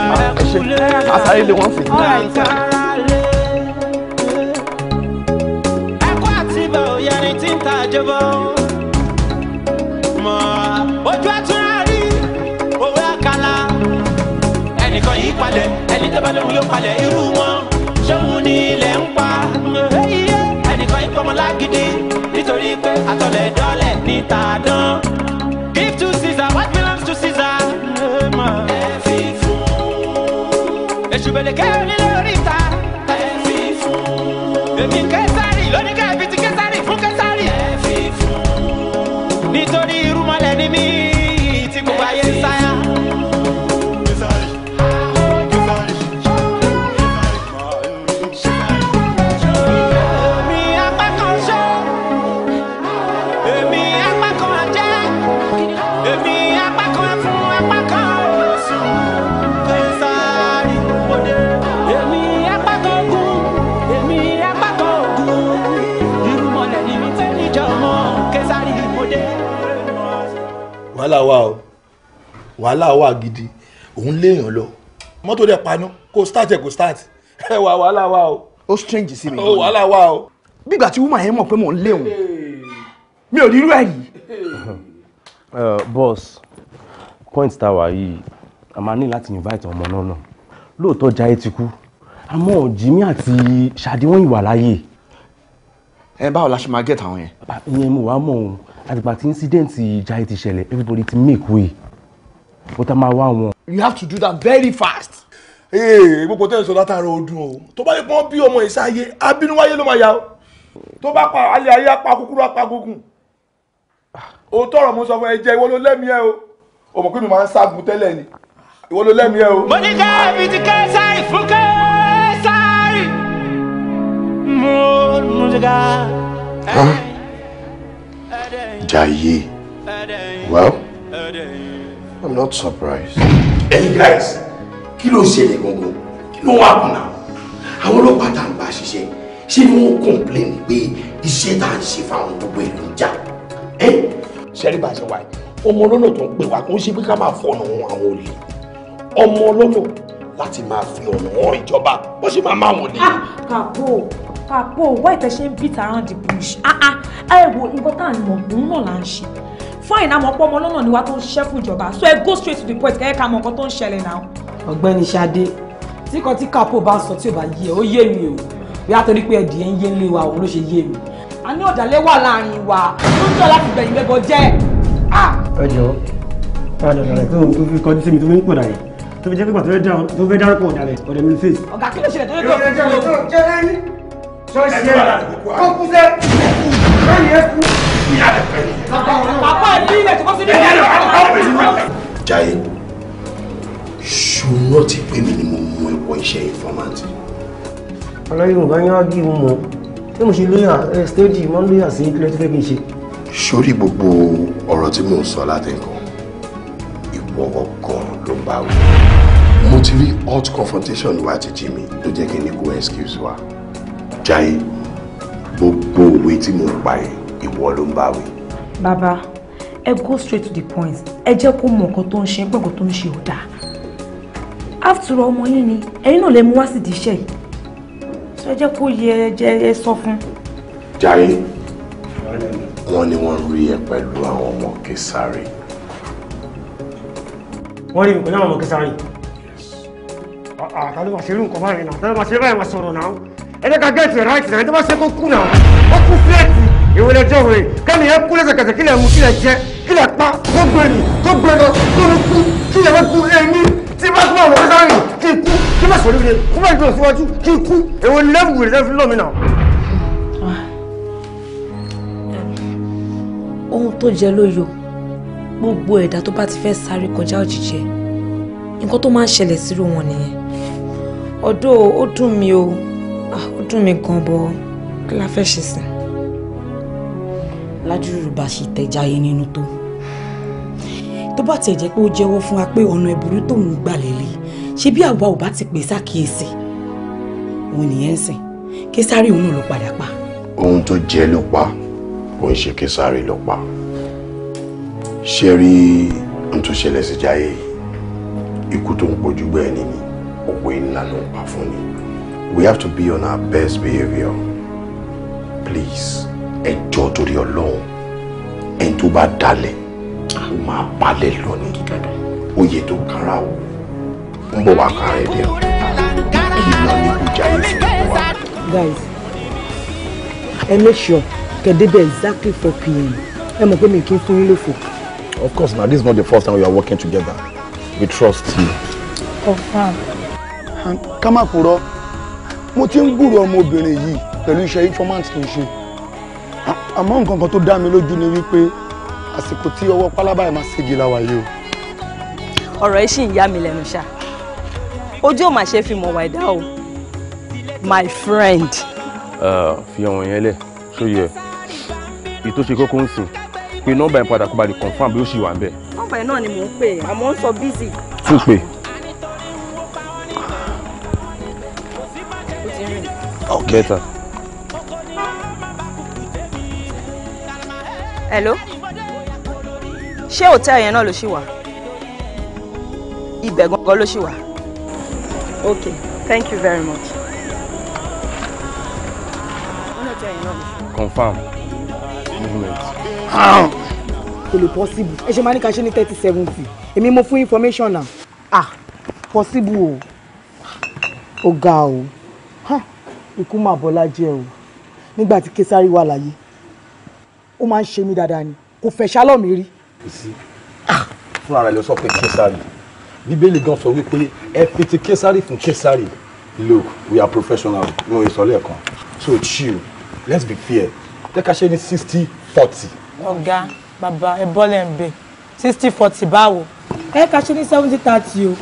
ṣe àṣàyè lè wọ́n sìn. ẹ̀kọ́ àti ibà òyà ni tí ń ta àjọbọ mọ́ ojú àtúrà rí òwe àkàlà ẹnìkan yìí palẹ̀ ẹni tó bá lóun yóò palẹ̀ irú wọn ṣé òun ni ilẹ̀ ń pa ẹnìkan yìí pọ́nmọ́ lágídí wípé àtọ̀lẹ̀ dọ́lẹ̀ níta dán. give to Caesar what belongs to Caesar. ẹ fi fún. èṣù bèlèké onílé oríta. ẹ fi fún. èmi kẹsàrì lóníkà bìtì kẹsàrì fún kẹsàrì. ẹ fi fún. nítorí. wà o wàhálà wà gidi òun léèyàn lọ mọ́tò dẹ̀ paná kò start ẹ̀ kò start ẹ wà wàhálà wà o. ó strange sí mi. ó wàhálà wà o. bígbà tí woman yẹn mọ̀ pé mò ń léèwọ̀n mi ò rí irú ẹ̀ yìí. [LAUGHS] Uh, boss point tá a wà yìí a máa ní láti invite ọmọ náà náà lóòótọ́ jayé ti kú àmọ́ Jimmy àti Ṣadé wọ́n ìwà láàyè. ẹ báwo la ṣe máa get àwọn yẹn. ìyẹn mo wá mọ̀ ọ́n àtìgbà tí incident ìjà ti ṣẹlẹ̀ everybody ti make way ó tá máa wá wọn. you have to do that very fast. ee eh, gbogbo tẹ́lẹ̀ sọ látara ọdún o tó bá yẹ kó bí ọmọ ìsáyé abínúwáyé ló máa yá o tó bá pa alẹ́ ayé apá kúkúrú apá gúngùn o tọrọ mo sọ fún ẹ jẹ ìwọ ló lẹ́mìí ẹ o o mọ̀ pé mi ń ságun tẹ́lẹ̀ ni ìwọ ló lẹ́mìí ẹ o. mo ní ká mi ti ká sáì fún sáì mo mo ká. Jaye. Well, I'm not surprised. Hey guys, kí ló ṣẹlẹ̀ gbogbo? Kí ló wà kùnà? Àwọn ọlọ́pàá tá à ń bá ṣiṣẹ́, ṣé ni wọ́n complain pé iṣẹ́ tá à ń ṣe fáwọn gbogbo ìlú ń jà? Ṣẹ́rí bá ṣe wáyé, ọmọ ọlọ́nà tó ń pè wá kó ń ṣe pé ká máa fọ̀nà wọn àwọn olè. Ọmọ ọlọ́nà láti máa fi ọ̀nà wọn ìjọba, bó ṣe máa máa wọn nìyẹn. Ah, Kàbó àpò why tẹ ṣe ń beat around the bush ah ah ẹ wo nǹkan tá à ń mọ̀ òun náà fine àmọ́ pọ́ ọmọ lọ́nà ni wá tó ń ṣiṣẹ́ fún so ẹ go straight to the point kẹ́kẹ́ ká mọ̀ nǹkan tó ń ṣẹlẹ̀ náà. ọ̀gbẹ́ni Ṣadé tí kan tí kápò bá ń sọ tí ò bá yé ẹ ó yé mi o bí a torí pé ẹdìyẹ ń yé lé wa òun ló ṣe yé mi. a ní ọ̀dàlẹ̀ wà láàrin wa ló ń tọ́ láti gbẹ̀yìn bẹ́bọ jẹ́. ẹ jọ ọ̀dàlẹ̀ rẹ̀ tó ń tó fi kọjú sí mi tó fi ń pòdà yìí tó fi jẹ́ pé pàtó fẹ́ dárúkọ ọ̀dàlẹ̀ ọ̀dẹ̀ mi fèsì. ọ̀gá kí ló ṣẹlẹ̀ tó yẹ kó o ṣọ́ọ̀ṣì ẹ̀ kó kú sẹ́ lẹ́yìn ẹ̀ kú. bàbá mi ilẹ̀ tó kọ́ sí ní ìlú. Jaiye ṣùnà ti pè mí ni mo mú ẹ wọ iṣẹ́ ìfọ́mántì. aláyọ̀ yorùbá yẹn á bí mo mọ̀ tí mo ṣe te ẹ stéèjì máa ń lóyà sí kílẹ̀ tó fẹ́ kí n ṣe. sórí gbogbo ọ̀rọ̀ tí mò ń sọ látẹ̀kọ́ ìwọ ọkàn ló bá wù mo ti rí hot confrontation wa ti jí mi tó jẹ́ kí n ní kó excuse wa. Jaiye gbogbo òwe tí mo pa ẹ ìwọ ló ń bá wí. bàbá ẹ go straight to the point ẹ jẹ́ kó mọ nǹkan tó ń ṣe pé nǹkan tó ń ṣe ò dáa after all ọmọ yín ni ẹ̀yin náà lè mú wá sídìí iṣẹ́ yìí sọ ẹ jẹ́ kó yẹ ẹ jẹ́ ẹ sọ fún. Jaiye wọ́n ní wọ́n rí ẹ pẹ̀lú àwọn ọmọ Kesari. wọ́n rí mi pẹ̀lú àwọn ọmọ Kesari. àtàlùmọ̀ ah, ah, ṣerú nǹkan báyìí náà àtàlùmọ̀ ṣerú báyìí wọ́n sọ̀rọ̀ náà ẹ̀jẹ̀ ká gẹ̀ẹ́tì ráìtì náà ẹ̀jẹ̀ bá ṣe kó kú náà ó kú fúlẹ̀tì ìwé lẹ́jọ́ òwe kẹ́mi yẹn kú lẹ́sẹ̀kẹsẹ̀ kílẹ̀ mu kílẹ̀ jẹ kílẹ̀ pa tó gbẹ̀rì tó gbẹ̀rọ tó ló kú kílẹ̀ bá kú ẹni tí bá kú àwọn ọ̀rẹ́ rìn kí n kú kí má sọ̀rọ̀ rẹ̀ kó má jọ síwájú kí n kú èwo lẹ́wù rẹ̀ lẹ́fi lọ́mi náà. ohun tó jẹ lóyò gbogbo ẹ̀dá tó bá ti fẹ́ sáré kọjá òjìjẹ nǹkan tó máa ń ṣẹlẹ̀ sírò wọn nìyẹn ọ̀dọ̀ ó dùn mí o dùn mí gan bọ kí la fẹ́ ṣe sí. lájúrú bá ṣe tẹja yẹn nínú tó tó bá tiẹ̀ jẹ́ pé ó jẹ́wọ́ fún wa pé ọ̀nà ẹ̀bùrú tóun gbà lélẹ̀ ṣé bí àwa ò bá ti pè sákìyèsí òun nìyẹn sìn késàrí òun ló padà pa. ohun tó jẹ ló pa kò ń ṣe késàrí ló pa ṣe rí ohun tó ṣẹlẹ̀ sí Jayé ikú tó ń pojú gbẹ́ẹ̀ nìyí òpó ńlá ló ń pa fún ni we have to be on our best behavior, please Enjoy to your ẹni and bá dalẹ̀ ó máa palẹ̀ lónìí oyè tó kára o ń bọ̀ wá kára ẹ̀ dẹ̀ ìlànà ìkújayé guys ẹ make sure Can they be exactly 4 pm I'm going to make kì í fún of course Now this is not the first time we are working together we trust you. Oh confam. ká má purọ́ mo ti ń gbúrò ọmọbìnrin yìí pẹ̀lú iṣẹ́ informant tó ń ṣe àmọ́ nǹkan kan tó dá mi lójú ni wípé àsìkò tí ọwọ́ pálábá ẹ̀ máa ségi la yìí o. ọ̀rọ̀ ẹ ṣì ń yá mi lẹ́nu ṣá ojú ò máa ṣe fi mọ̀ wàdà o my friend. fi ọ̀hún yẹn lẹ̀ sóye ẹ̀ ètò ṣe kókó ń sìn pé nọ́mbà yẹn padà kó ba lè confam bí ó ṣì wà ń bẹ̀. nọ́mbà yẹn náà ni mò ń pè àmọ́ ń sọ bísí. tún pè. Okay. Hello? Ṣé hòtẹ́ẹ̀lì yẹn náà ló ṣì wà? Ibẹ̀ gangan ló ṣì wà. Okay, thank you very much. Confirm. Movement. Ah! Kò lè possible. Ẹ ṣe máa ní ká ṣe ní thirty seventy. Èmi mo fún information náà. Ah, possible o. Ó ga o ikú mà bọ́lá jẹ́ o nígbà tí késàrí wà láyé ó máa ń ṣe mí dáadáa ni kò fẹ́ ṣálọ̀ mi rí. Ah, fúnra rẹ̀ ló sọ pé késàrí bíbélì gan sọ wípé ẹ fi ti késàrí fún késàrí look we are professional ní òye sọlẹ̀ kan so chill let's be fair jẹ́ ká ṣe ní sixty forty. ọ̀gá bàbá ẹ bọ́lẹ̀ ń bẹ̀ sixty forty báwo ẹ ká ṣe ní seventy thirty o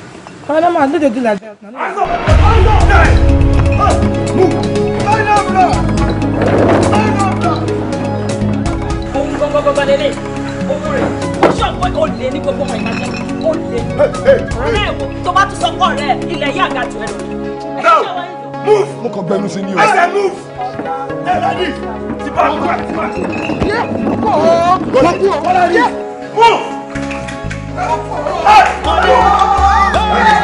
kọ́ńdọ́mà ló dé do like that balẹ̀lẹ̀ owó rẹ̀ ó ṣọ̀pọ̀ ó lé ní gbogbo ọmọ ìgbàjẹ́ ó lé ọ̀rẹ́ ẹ̀wò tó bá tún sọ́kọ̀ rẹ̀ ilẹ̀ yá àga jù ẹ lọ. now move mo kàn gbẹnu sí ni o. ẹsẹ̀ move ẹ lọ́dí ti bá mi wá ti bá mi. yẹ kó o kó kú o wọ́n rí move. ẹ ọ̀ ọ̀ ọ̀ ọ̀ ọ̀ ọ̀ ọ̀ ọ̀ ọ̀ ọ̀ ọ̀ ọ̀ ọ̀ ọ̀ ọ̀ ọ̀ ọ̀ ọ̀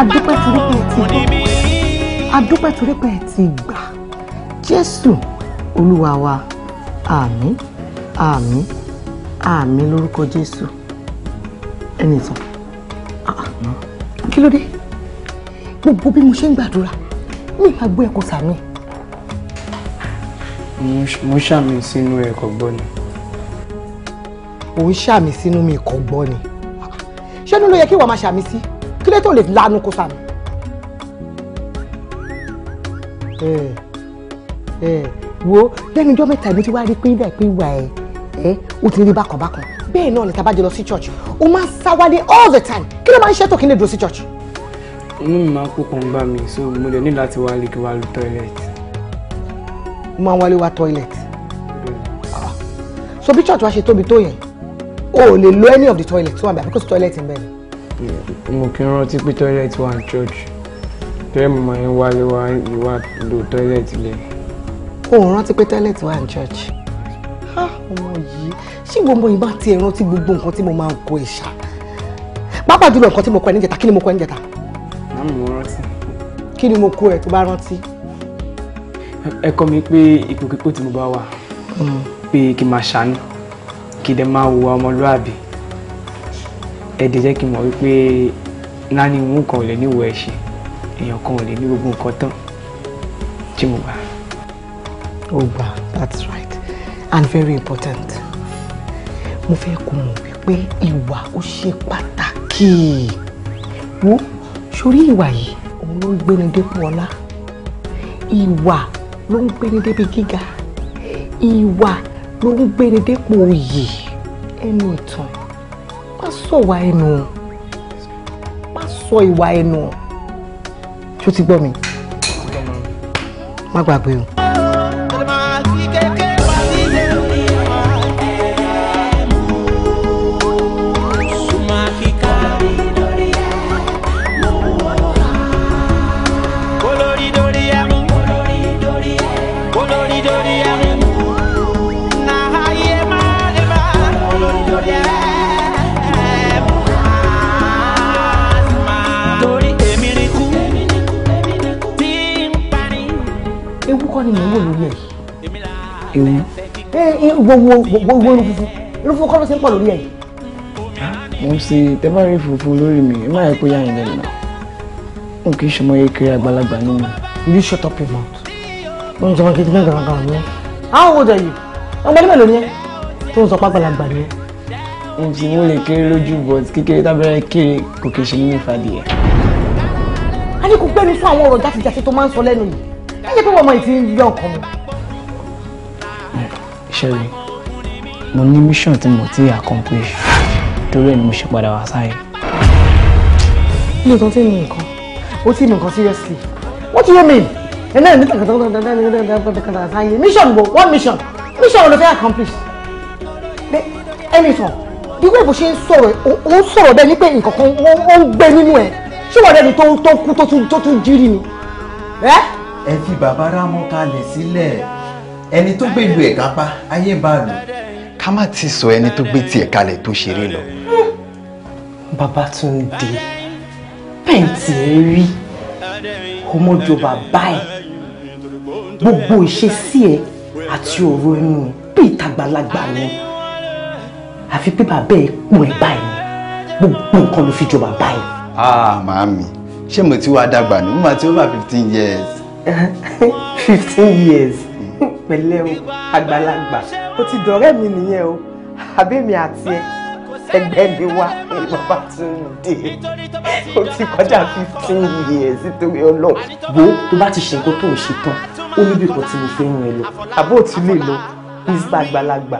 adúpẹ́ torí pé ẹ ti gbọ́ adúpẹ́ torí pé ẹ ti gbà jésù olúwa wa àmín àmín àmín lórúkọ jésù ẹnì tán ah, kí ló dé gbogbo bí mo ṣe ń gbàdúrà mi máa gbé ẹkọ sàmì. mo ṣàmì sínú ẹ̀kọ́ gbọ́ ni. ò ń ṣàmì sínú mi ìkọ̀ gbọ́ ni ṣé inú ló yẹ kí wàá máa ṣàmì sí kí lẹ́tọ̀ lè lanu kó sàmì. wo lẹ́nu ọjọ́ mẹ́ta ìlú ti wá rí pé ibà pé ìwà ẹ̀ ẹ́ ti rí bákan bákan bẹ́ẹ̀ náà ni tá a bá jẹ lọ sí church ó máa ń sá wálé all the time kí ló máa ń ṣètò kí n lè dúró sí church. inú mi máa ń kó kan gbá mi so mo dẹ̀ ní láti wá lè kí wá lu toilet. mo máa ń wálé wá toilet. Ah. so bí church wa ṣe tóbi tó yẹn o ò lè lo any of the toilet tó wà bẹ́ẹ̀ because toilet ń bẹ́ẹ̀ mo kí n rántí pé toilet wà ní church torí mo máa ń wálé wá ìwà lo toilet lẹ. o ò rántí pé toilet wà ní church ọmọ yìí ṣé gbogbo ìbá ti ẹ̀ rántí gbogbo nǹkan tí mo máa ń kó ìṣá pápá jùlọ nǹkan tí mo kọ ẹ níjẹta kí ni mo kọ ẹ níjẹta. àmì mo rántí. kí ni mo kó ẹ tó bá rántí. ẹ kọ́ mi pé ipòkípò tí mo bá wà hmm. pé kí n máa ṣàánú kí n dẹ̀ máa hùwà ọmọlúwàbí ẹ̀dẹ̀ jẹ́ kí n mọ̀ wípé láni ìwọ̀n kan ò lè níwò ẹ̀ṣẹ̀ èèyàn kan lè ní gbogbo nǹkan tán tí mo gbà. ó gbà that's right and very important mo fẹ́ kó mọ̀ wípé ìwà ó ṣe pàtàkì wo sórí ìwà yìí òun ló ń gbéni dépò ọlá ìwà ló ń gbéni débi gíga ìwà ló ń gbéni dépò òye ẹnu ìtàn sọ ìwà ẹnu má sọ ìwà ẹnu ṣó ti gbọ́ mi má gbàgbé o. kọ́ ni mò ń wò lórí ẹ̀ ewu gbogbo gbogbo irun funfun irun funfun kọ́ ló ṣe ń pọ̀ lórí ẹ̀. mo ń ṣe tẹ bá rí funfun lórí mi ẹ má yẹ kó yá yín lẹ́nu náà n kì í ṣe ọmọ yẹ kiri àgbàlagbà nínú. you shut up your mouth. ó ń sọ wọn kí n gbẹ gàràgàrà ni ẹ. how old are you? ọmọ ẹni mélòó ni ẹ tó ń sọ pé àgbàlagbà ni ẹ. n ti mú lè kéré lójú but kékeré tábẹ́rẹ́ kéré kò kì í ṣe ní mẹ́fà díẹ̀. a ní kò gbẹ́nu fún àwọn ọ̀rọ̀ jáde tó máa ń sọ lẹ́nu yìí ẹ jẹ́ pé wọ́n mọ ìtì ń yọ nǹkan mi. ṣẹ́rí mo ní mission tí mo ti accomplish torí ẹ̀ ni mo ṣe padà wá sáyé. ilé tí mi nǹkan ó tí mi nǹkan seriously what do you mean? ẹ náà ní tàkàtàkàtàkàtàkàtà sáyé mission bo one mission mission wo ló fẹ́ accomplish? anything irú èbò ṣe ń sọ̀rọ̀ ó ń sọ̀rọ̀ bẹ́ẹ̀ ni pé nǹkan kan ó ń gbé nínú ẹ̀ ṣé wọ́n rẹ̀ ni tó kú tó tún jírí ni ẹ fi bàbá rámọ́ kalẹ̀ sílẹ̀ ẹni tó gbé ìlú ẹ̀ kápá ayé bá lò. ká má ti sọ ẹni tó gbé tiẹ̀ kalẹ̀ tó ṣeré lọ. Babátúndé pẹ́ǹtì rí ọmọjọba báyìí gbogbo ìṣesí ẹ àti ọ̀rọ̀ ẹnu ẹ bí ni àfi pé bàbá ẹ pọ̀ ẹ báyìí gbogbo nǹkan ló fi jọba báyìí. ah màámi ṣé mo ti wá dàgbà ni mo máa ti over fifteen years. [LAUGHS] fifteen years [LAUGHS] pẹ̀lẹ́ o àgbàlagbà ó ti dọ̀rẹ́ mi nìyẹn o àbẹ́mi àti ẹ ẹgbẹ́ mi wá bàbá Túndé ó ti kọjá fifteen years nítorí ọlọ́run. wo tó bá ti ṣe nǹkan tó ń ṣe tán ó níbi kan tí mo fẹ́ ràn ẹ lọ àbó tí lè lọ mr àgbàlagbà.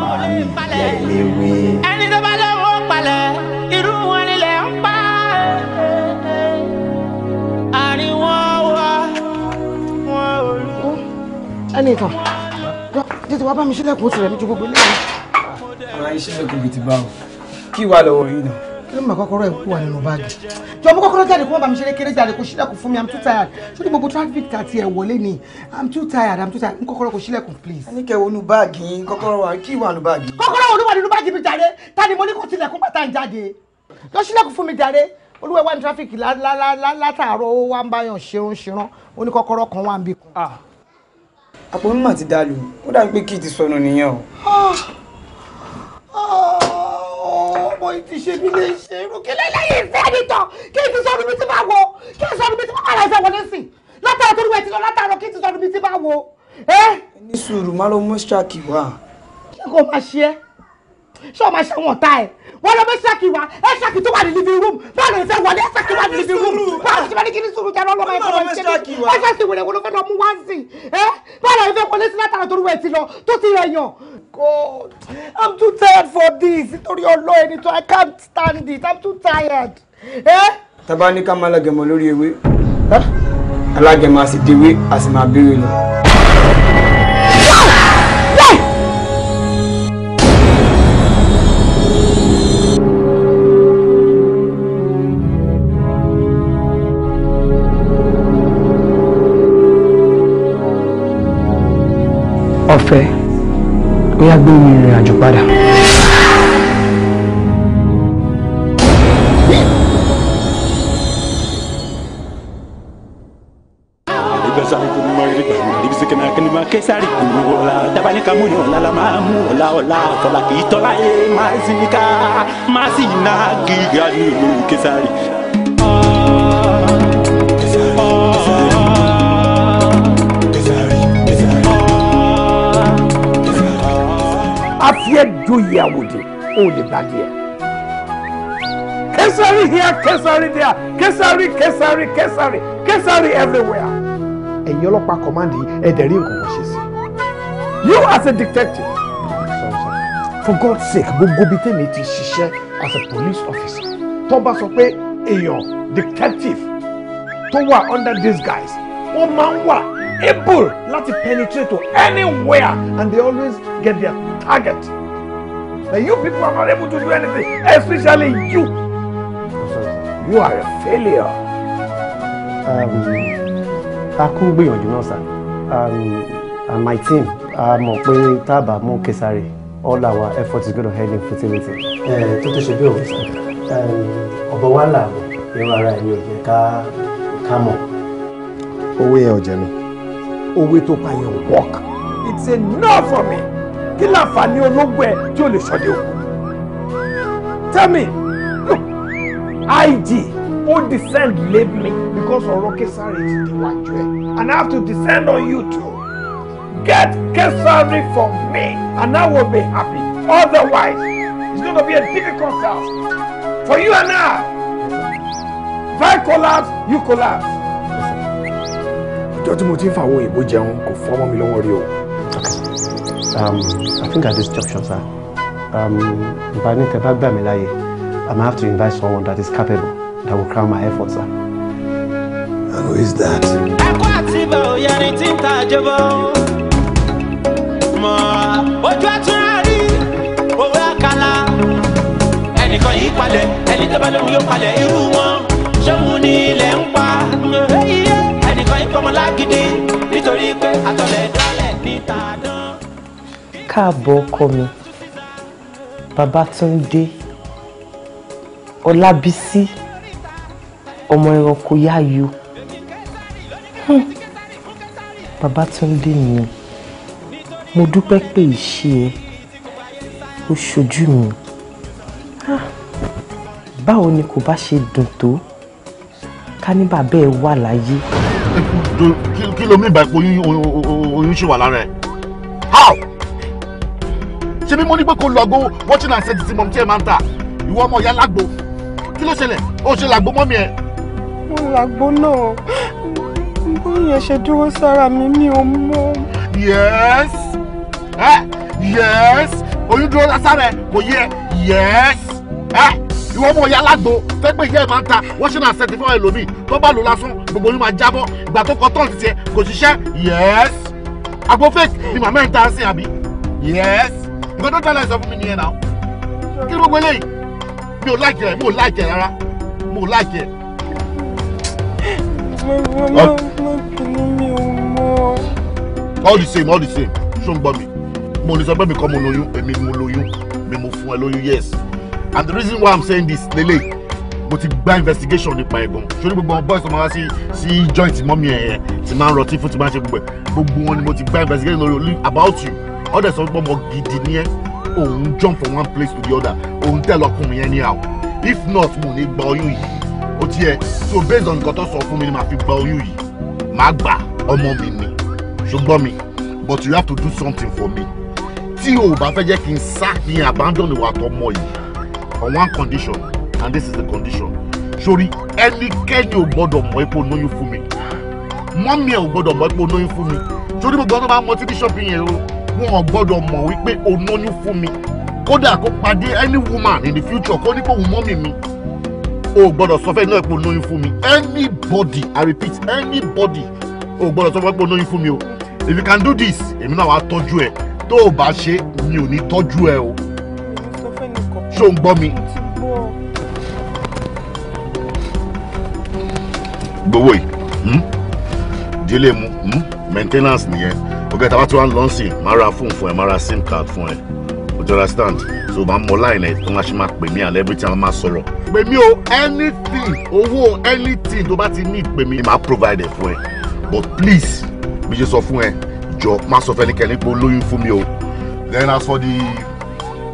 màá mi yẹ léwé. ẹni tó bá lọ́wọ́ palẹ̀ irú wọn nílẹ̀ ń pa àríwọ̀n. ẹnìkan tètè wá bá mi ṣílẹ̀kùn tìrẹ̀ mi ju gbogbo ilé yẹn. ara ìṣílẹ̀kùn kìtì bá o kí wàá lọ́wọ́ yìí nà. kí ló máa kọ́kọ́rọ́ ẹ̀ kú wà nínú báàgì. jọ mú kọ́kọ́rọ́ jáde kó má bá mi ṣeré kéré jáde kó ṣílẹ̀kùn fún mi i'm too tired ṣé ní gbogbo traffic tàti ẹ̀ wọlé ni i'm too tired i'm too tired n kọ́kọ́rọ́ kó ṣílẹ̀kùn please. a ní kẹ́ wọnú báàgì kọ́kọ́rọ́ wa kí wà nínú báàgì. kọ́kọ́rọ́ wo ló wà nínú báàgì mi jáde ta ni mo ní kó tilẹ̀kùn bàtà ń jáde lọ ṣílẹ̀kùn fún mi jáde olúwẹ̀ wá ní traffic látàárọ̀ ó wá ń báyọ̀ ṣerun ṣerun oníkọ́kọ́rọ́ kan wá ń bí kan. Ah àpò mímọ̀ ti dàlù ó dàbí pé kí ti sọnù nìyẹn o. Ah! Ah! ọmọ ìdí ṣe mi lè ṣe irú kí lẹ́lẹ́yìn ìfẹ́ mi tán kí n ti sọnù mi ti máa wo kí n sọnù mi ti máa kàrà ìṣẹ́wọ̀ nísìn látara tó ń wẹ̀ ti lọ látara kí n ti sọnù mi ti máa wo. Eh? ní sùúrù má lọ mọ́ ṣáàkì wá. kí n kò máa ṣe é ṣé o máa ṣe àwọn ọ̀tá ẹ̀ wọ́n lọ bẹ́ ṣáàkì wa ẹ ṣáàkì tó wà ní living room báwo lè fẹ́ wọlé ẹ ṣáàkì wà ní living room báwo lè fẹ́ kí ní sùúrù jẹ́ lọ́wọ́ ẹ fọwọ́ ẹ ṣáàkì ẹ ṣáàkì wèrè wọ́n ló fẹ́ lọ mú wáǹsì ẹ báwo lè fẹ́ wọlé sí látara torí wẹ̀ ti lọ tó ti rẹ̀ yàn. God I'm too tired for this nítorí ọlọ́ ẹni tó I can't stand it I'm too tired. tábà ní ká má lágẹ̀mọ́ lórí ewé alágẹ̀mọ́ a sì dewé a ọ̀fẹ́ ó yá gbé mi ìrìn àjò padà. kesari kuola tabani kamuni ola la mamu ola ola tola kitola e mazika masina gigani kesari adeɛ do yi a wodi o de ba deɛ kesari here kesari there kesari kesari kesari kesari everywhere. ẹ̀yin ọlọ́pàá kọ́mándì ẹ̀dẹ̀rí nǹkan ṣe sí. you as a detective. for God's sake gbogbo bíi tèmi ti ṣiṣẹ́ as a police officer tó bá sọ pé èèyàn detective tó wà under this guise wọ́n máa ń wà able láti penetrate to anywhere and they always get their target. And you people are not able to do anything, especially you. You are a failure. Um, a kún you, náà sá. Um, and my team, a mọ̀ pé tá Kesari, all our effort is going to head in fertility. Eh, tó ṣe bí òun sá. Um, ọ̀bọ wa là wọ̀, irun ara ẹ̀mí ò jẹ́ ká ká mọ̀. Owó yẹn ò jẹ It's enough for me kí láǹfààní ológun ẹ tí ò lè ṣọdẹ òkú tẹ́mi ig ó descend late me because ọ̀rọ̀ Kesari ti di wájú ẹ and I have to descend on you too get Kesari for me and I will be happy otherwise it's going to be a difficult task for you and I if I collapse you collapse. ìjọ tí mo ti ń fàwọn òyìnbó jẹun kò fọ́ mọ́ mi lọ́wọ́ rí o um, I think at this juncture, sir, um, if I need to back by Milaye, I'm gonna have to invite someone that is capable, that will crown my efforts, sir. And who is that? nítorí pé àtọ̀lẹ̀ níta dán káàbọ̀ ọkọ mi Babátúndé Ọlábísí ọmọ ẹranko yáyò hmm. Babátúndé mi mo dúpẹ́ pé ìṣe ẹ ó ṣojú mi ah, báwo ni kò bá ṣe dùn tó ká ní bàbá ẹ wà láyé. kí ló mí bá ipò oyún ṣì wà lára ẹ how ṣe bí ní pé kó lọ go watching and setting mọ̀ tí ẹ máa ń tà ìwọ ọmọ ìyá lágbo kí ló ṣẹlẹ̀ ó ṣe làgbo mọ́mí ẹ. mo làgbo náà bóyá ṣe dúró sára mi mi ò mọ. yes eh? oyún dúró sára ẹ kò yẹ yes ìwọ ọmọ ìyá lágbo fẹ́pẹ́ ìyá ẹ̀ máa ń ta watching and fún ẹlòmíì tó bá lò lásán gbogbo oyún máa jábọ́ ìgbà tó kọ tọ́ọ̀tì tiẹ̀ kò ṣiṣẹ́ yes àgbo fake ni màmá ẹ̀ ń ta sí àbí yes nǹkan tó tẹ́lẹ̀ sọ mi nìyẹn náà kí ló gbélé yìí mi ò láìkẹ́ rẹ̀ mi ò láìkẹ́ rárá mi ò láìkẹ́. all the same all the same ṣó ń gbọ́ mi mo lè sọ pé mi kọ́ mo lóyún èmi mo lóyún mi mo fún ẹ lóyún yes and the reason why i'm saying this lele mo ti gba investigation nípa ẹ̀ gan ṣé ní gbogbo àwọn boys ọmọ wa sí sí joint mọ́mí ẹ̀ ẹ̀ ti máa ń rọtí fún ti máa ń ṣe gbogbo ẹ̀ gbogbo wọn ni mo ti gba investigation lórí about you ọdẹ sọ pé ọmọ gidi ni ẹ òun jump from one place to the other òun tẹ lọkùnrin yẹn ní àwọ if not mo ní gba oyún yìí ó ti so based on nǹkan tó sọ fún mi ni màá fi gba oyún yìí màá gbà ọmọ mi ni ṣùgbọ́n mi but you have to do something for me tí o bá fẹ́ jẹ́ kí n sá kí n abandon ìwà àtọmọ yìí on one condition and this is the condition sori ẹnikẹ́ni ò gbọ́dọ̀ mọ̀ epo lóyún fún mi mọ́mí ẹ̀ ò gbọ́dọ̀ mọ̀ epo lóyún fún mi sori gbogbo ọdún máa mọ tí bíṣọ̀pù yẹn o wọn gbọ́dọ̀ mọ̀ wípé o lóyún fún mi kódà kó pàdé any woman in the future kó ní kó wù mọ́ mi mi o gbọ́dọ̀ sọ fẹ́ náà pé o lóyún fún mi anybody i repeat anybody o gbọ́dọ̀ sọ fẹ́ pé o lóyún fún mi o if you can do this èmi náà wàá tọ́jú ẹ tó o bá ṣe mi ò ní tọ́jú ẹ o ṣó ń gbọ́ mi. gbowó yìí hmm? délé mu hmm? maintenance nìyẹn gbogbo ẹ̀ tá a bá tún wá ń lọ sí sim card fún ẹ o ti understand so máa mọ láìnà ẹ tó máa me and pè mí àlẹ́ every time máa sọ̀rọ̀. pè mí o anything Oh, anything tó bá ti ní ìpè mí provide ẹ fún ẹ but please be just sọ fún ẹ jọ má sọ fẹ́nikẹ́ni pé olóyún fún mi o then as for the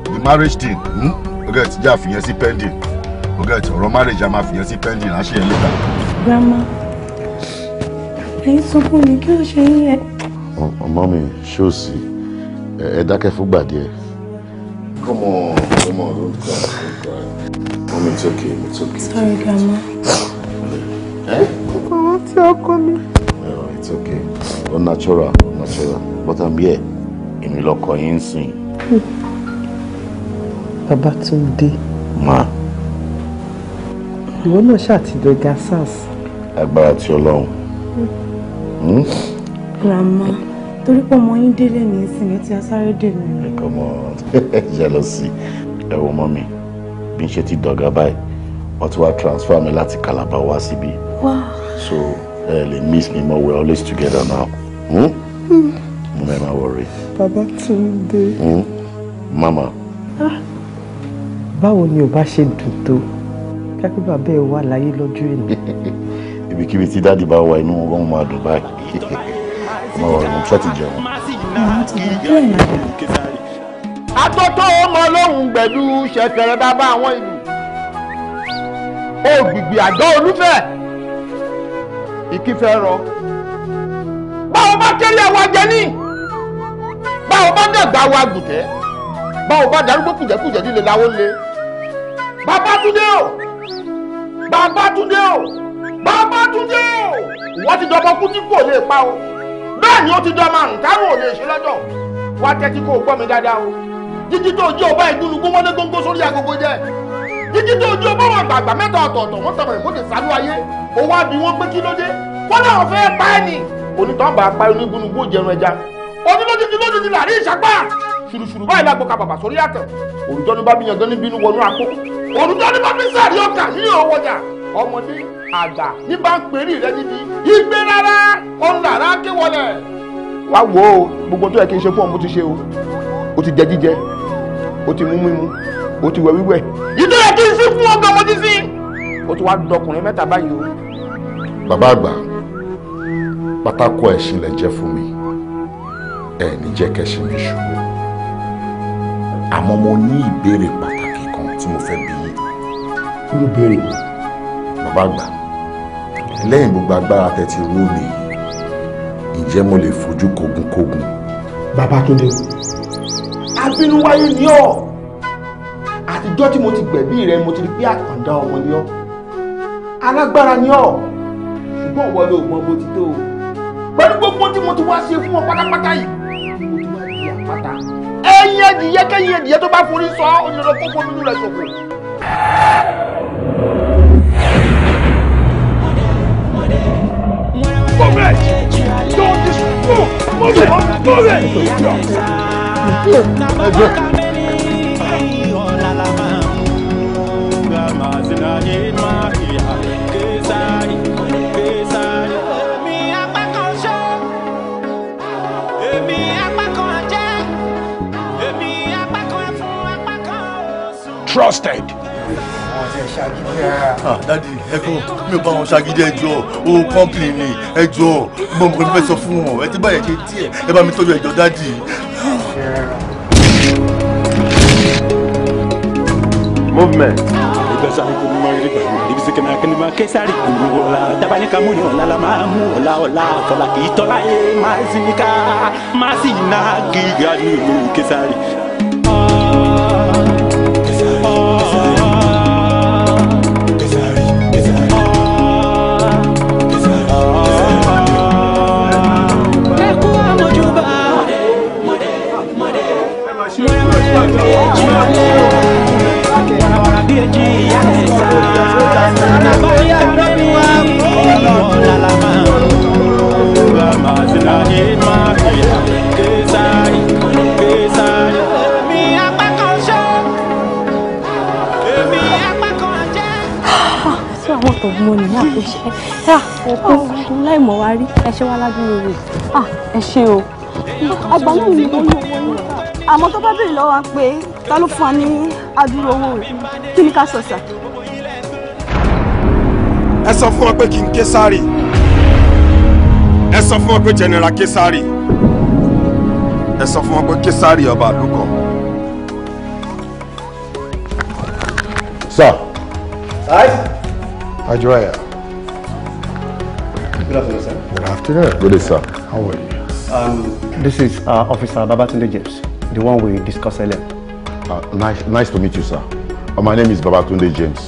the marriage thing hmm? oge ti jẹ́ àfihàn pending Okay, ti ọ̀rọ̀ marriage a máa fihàn pending ránṣẹ́ ẹ̀ later. grandma ẹ̀yin sọ fún mi kí ló ọmọ mi ṣóòsì ẹ dákẹ́ fúgbà díẹ̀. come on come on don't cry don't cry mommy it's okay it's okay. sorry grandma. ọkọ wọn ti ọkọ mi. it's okay unnatural unnatural but i'm here èmi lọkọ yín ń sìn. bàbá tó dé. máa ìwọ náà ṣàtìdọ̀gá sars. agbára ti ọlọ́run. Hmm? grandma torí pé ọmọ yín délé ní ìsìn yẹn tí a sáré dènà. ẹ kọ́ mọ [LAUGHS] jealousy mọ́ mi bí n ṣe ti dọ̀gá báyìí wọ́n ti wá transfer mi láti Calabar wá síbí. so ẹ lè miss me more we are always together now. Hmm? Hmm. mo mẹ́ máa wọrí. Babátúndé. Hmm? mama. Ah. báwo ni o bá ṣe dùn tó kápẹ́ bàbá ẹ wà láyé lọ́jọ́ ènìyàn. [LAUGHS] ibikíbi tí dáàdi bá wà inú wọn máa dùn báyìí mo rọrùn mo ṣọ́ọ̀tì jẹun. atótó ọmọ lóhùn gbẹ̀dú ṣẹ̀fẹ̀rẹ̀ bàbá àwọn ìlú ògbìgbì àjọ olúfẹ́ ìkífẹ́ rọ báwo bá kéré ẹwà jẹ ní báwo bá dàgbà wa gùtẹ́ báwo bá darúgbó kùjẹ́kùjẹ́ líle láwọ́ lé Babátúndé o Babátúndé o Babátúndé o wọ́n ti dọ́bọ̀ kú tí kò lè pa o bẹ́ẹ̀ ni ó ti dán márùn táwọn ò lè ṣe lọ́jọ́ wá tẹ́tí kó o gbọ́ mi dáadáa o jíjí tó ojú ọba ìdúnnugún wọlé góńgó sórí agogo jẹ jíjí tó ojú ọba wọn àgbààgbà mẹ́ta ọ̀tọ̀ọ̀tọ̀ wọ́n sọ̀rọ̀ ìkóde sálú ayé òun àbí wọn pé kí ló dé kódà wọn fẹ́ pa ẹ́ ni onítọ̀ọ̀bà apá inú ibùnúgbò jẹun ẹja onílójijì lójijì làrí ìṣàpá ṣùrùṣùrù báyìí lágbo ka bàbà sórí àtẹ òrùjọ́ ni bá mi yàn gan níbi inú wọnú àpò òrùjọ́ ni bá mi sàrí ọkà nílé ọwọ́jà ọmọdé àgbà ní bá ń pèrè rẹ níbi igbe rárá ọ̀n rárá kéwọlẹ̀. wá wo gbogbo tó yẹ kí n ṣe fún ọ mo ti ṣe o o ti jẹ jíjẹ o ti mú mímu o ti wẹ wíwẹ. ìdílé kí n sí fún ọgbà mo ti sí. o ti wá dọkùnrin mẹ́ta báyìí o. bàbá àgbà pátákó ẹ̀sìn lẹ jẹ́ fún mi ẹ̀ ní jẹ́ kẹ́sìn mi ṣubú àmọ́ mo ní ìbéèrè pàtàkì kan tí mo fẹ́ bi yín. irú béèrè wo bàbá àgbà lẹ́yìn gbogbo agbára tẹ́ ti rú mi ǹjẹ́ mo lè fojú kogunkogun. bàbá tó léwu abínú wáyé ni ọ àtijọ́ tí mo ti gbẹ̀bí rẹ mo ti rí pé àkàndá ọmọ ni ọ alágbára ni ọ ṣùgbọ́n ìwọ ló mọ bó ti tó o pẹ̀lú gbogbo tí mo ti wá ṣe fún ọ pátápátá yìí mo ti wá di àpáta ẹyin ẹdìyẹ kẹyìn ẹdìyẹ tó bá forí sọ ọ ní lọ fún nínú rẹ ṣòfò. Move it! Don't just move! Move it! Move it! Trusted. Ah, dadi ẹkọ mi ò bá wọn ṣàgídí ẹjọ́ o kọ́ńpìlì ni mo mọ̀ ní fẹ́ sọ fún wọn ẹ ti báyẹn ṣe díẹ̀ ẹ bá mi tọ́jú ẹjọ́ dadi. movement. ìgbésẹ̀ àìkú ni mo rí gbàgbọ́ ibi sí kẹmẹ́rẹ́ kẹ́ni máa ké ọ̀la dábàá ní kàmú ọ̀la la máa mú ọ̀la ọ̀la àfọlá kì tọ́lá yé máa sì máa sì ná gíga ní ìlú késárì. ọ̀tọ̀ mo ní àpòṣe ẹ̀kú láìmọ̀ wá rí ẹṣẹ́ wá lábúrò rẹ̀ ẹ ṣe o. àgbà náà ni mo yọ owó àmọ́ tó bá béèrè lọ́wọ́ wa pé ta ló fún wa ní adúrò owó rẹ̀ kí ni ká sọ ẹ sọ fún wọn pé kí n Késárì ẹ sọ fún wọn pé general Késárì ẹ sọ fún wọn pé Késárì ọba àlùkò. sir. aye. ajuraya. good afternoon sir. good afternoon. good day sir. how are you. Um, this is uh, Officer Babatunde James, the one we discussed earlier. Uh, nice, nice to meet you, sir. Uh, my name is Babatunde James.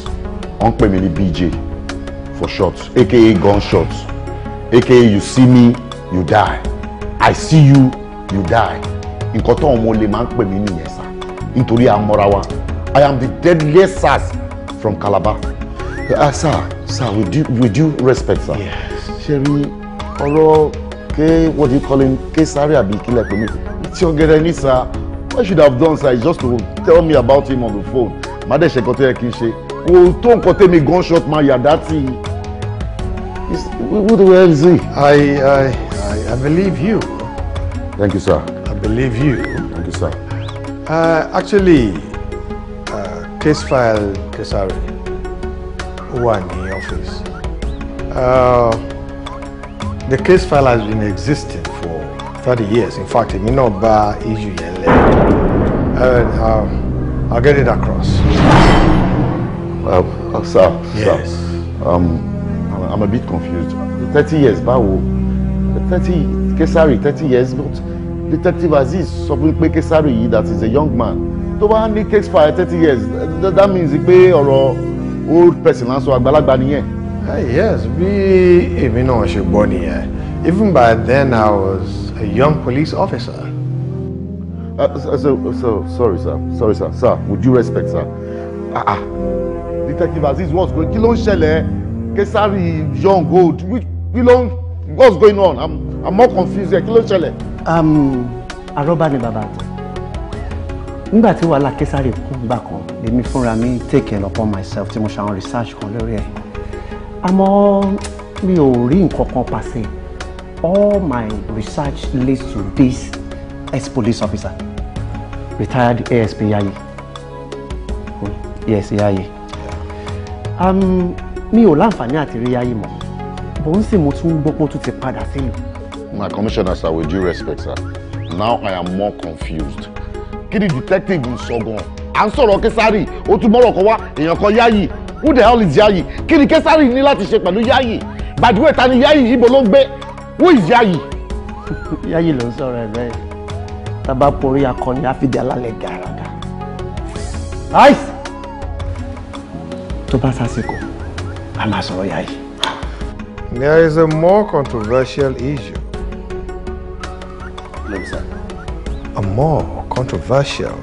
Wọ́n pè mí ní BJ for short aka gunshot aka you see me you die i see you you die nǹkan tó àwọn ọmọ olè máa ń pè mí nìyẹn sá nítorí àmọ́ra wa i am the deadliest sars from Calabar uh, sir sir with due with due respect sir ṣe rí ọ̀rọ̀ ké what do you call him ké sáré àbí ìkílẹ̀ pé mi tí ọ̀gẹ̀dẹ̀ ní sir what should I have done sir is just to tell me about him on the phone má dẹ̀ ṣe nǹkan tó yẹ kí n ṣe kò tó nǹkan tẹ́mi gunshot man yàdá tì í. It's, who the hell is he? I, I, I, believe you. Thank you, sir. I believe you. Thank you, sir. Uh, actually, uh, case file Kesari, one in the office. Uh, the case file has been existing for 30 years. In fact, it may not bar issue yet. Um, I'll get it across. Uh, uh sir, yes. sir. Um, I'm a bit confused. Thirty years báwo? Thirty Kesari thirty years but Detective Aziz sọ fún pé Kesari that is a young man To bá ní case file thirty years that, that means pé ọ̀rọ̀ old person á sọ àgbàlagbà nìyẹn. Ah, yes, bí èmi náà ṣe gbọ́ nìyẹn. Even by then I was a young police officer. Uh, ah, so, so, so, sorry, sir. Sorry, sir. Sir, would you respect, sir? Ah, ah. Detective Aziz was going. kilo ló ń Kesari John Gold, kí ló what's going on i'm i'm more confused here kí ló ṣẹlẹ̀. Um, àròbá ni bàbá àtẹ nígbà tí wàhálà Kesari kú gbà kan lèmi fúnra mi take it upon myself tí mo ṣe research kan lórí ẹ̀ àmọ́ mi ò rí nǹkan kan pàṣẹ all my research leads to this ex-police officer retired ASP Yaye yes Yaye. Um, mi ò láǹfààní àti rí ayé mọ́ bó ń sì mo tún gbọ́ pé ó tún ti padà sílùú. my commissioner sir with due respect sir now i am more confused kí ni detective ń sọ gan-an à ń sọ̀rọ̀ kẹsàrì ó tún mọ́rọ̀ kan wá èèyàn kan yáyì who the hell is yayi kí ni kẹsàrì ní láti ṣe pẹ̀lú yayi gbàdúrà ta ni yayi ibo ló ń gbé who is yayi. [LAUGHS] yayi ló ń sọ̀rọ̀ ẹ̀ bẹ́ẹ̀ tábà porí akọni àfìdí alálẹ̀ gàràgà. láìsí tó bá sásìkò. There is a more controversial issue. No, sir. A more controversial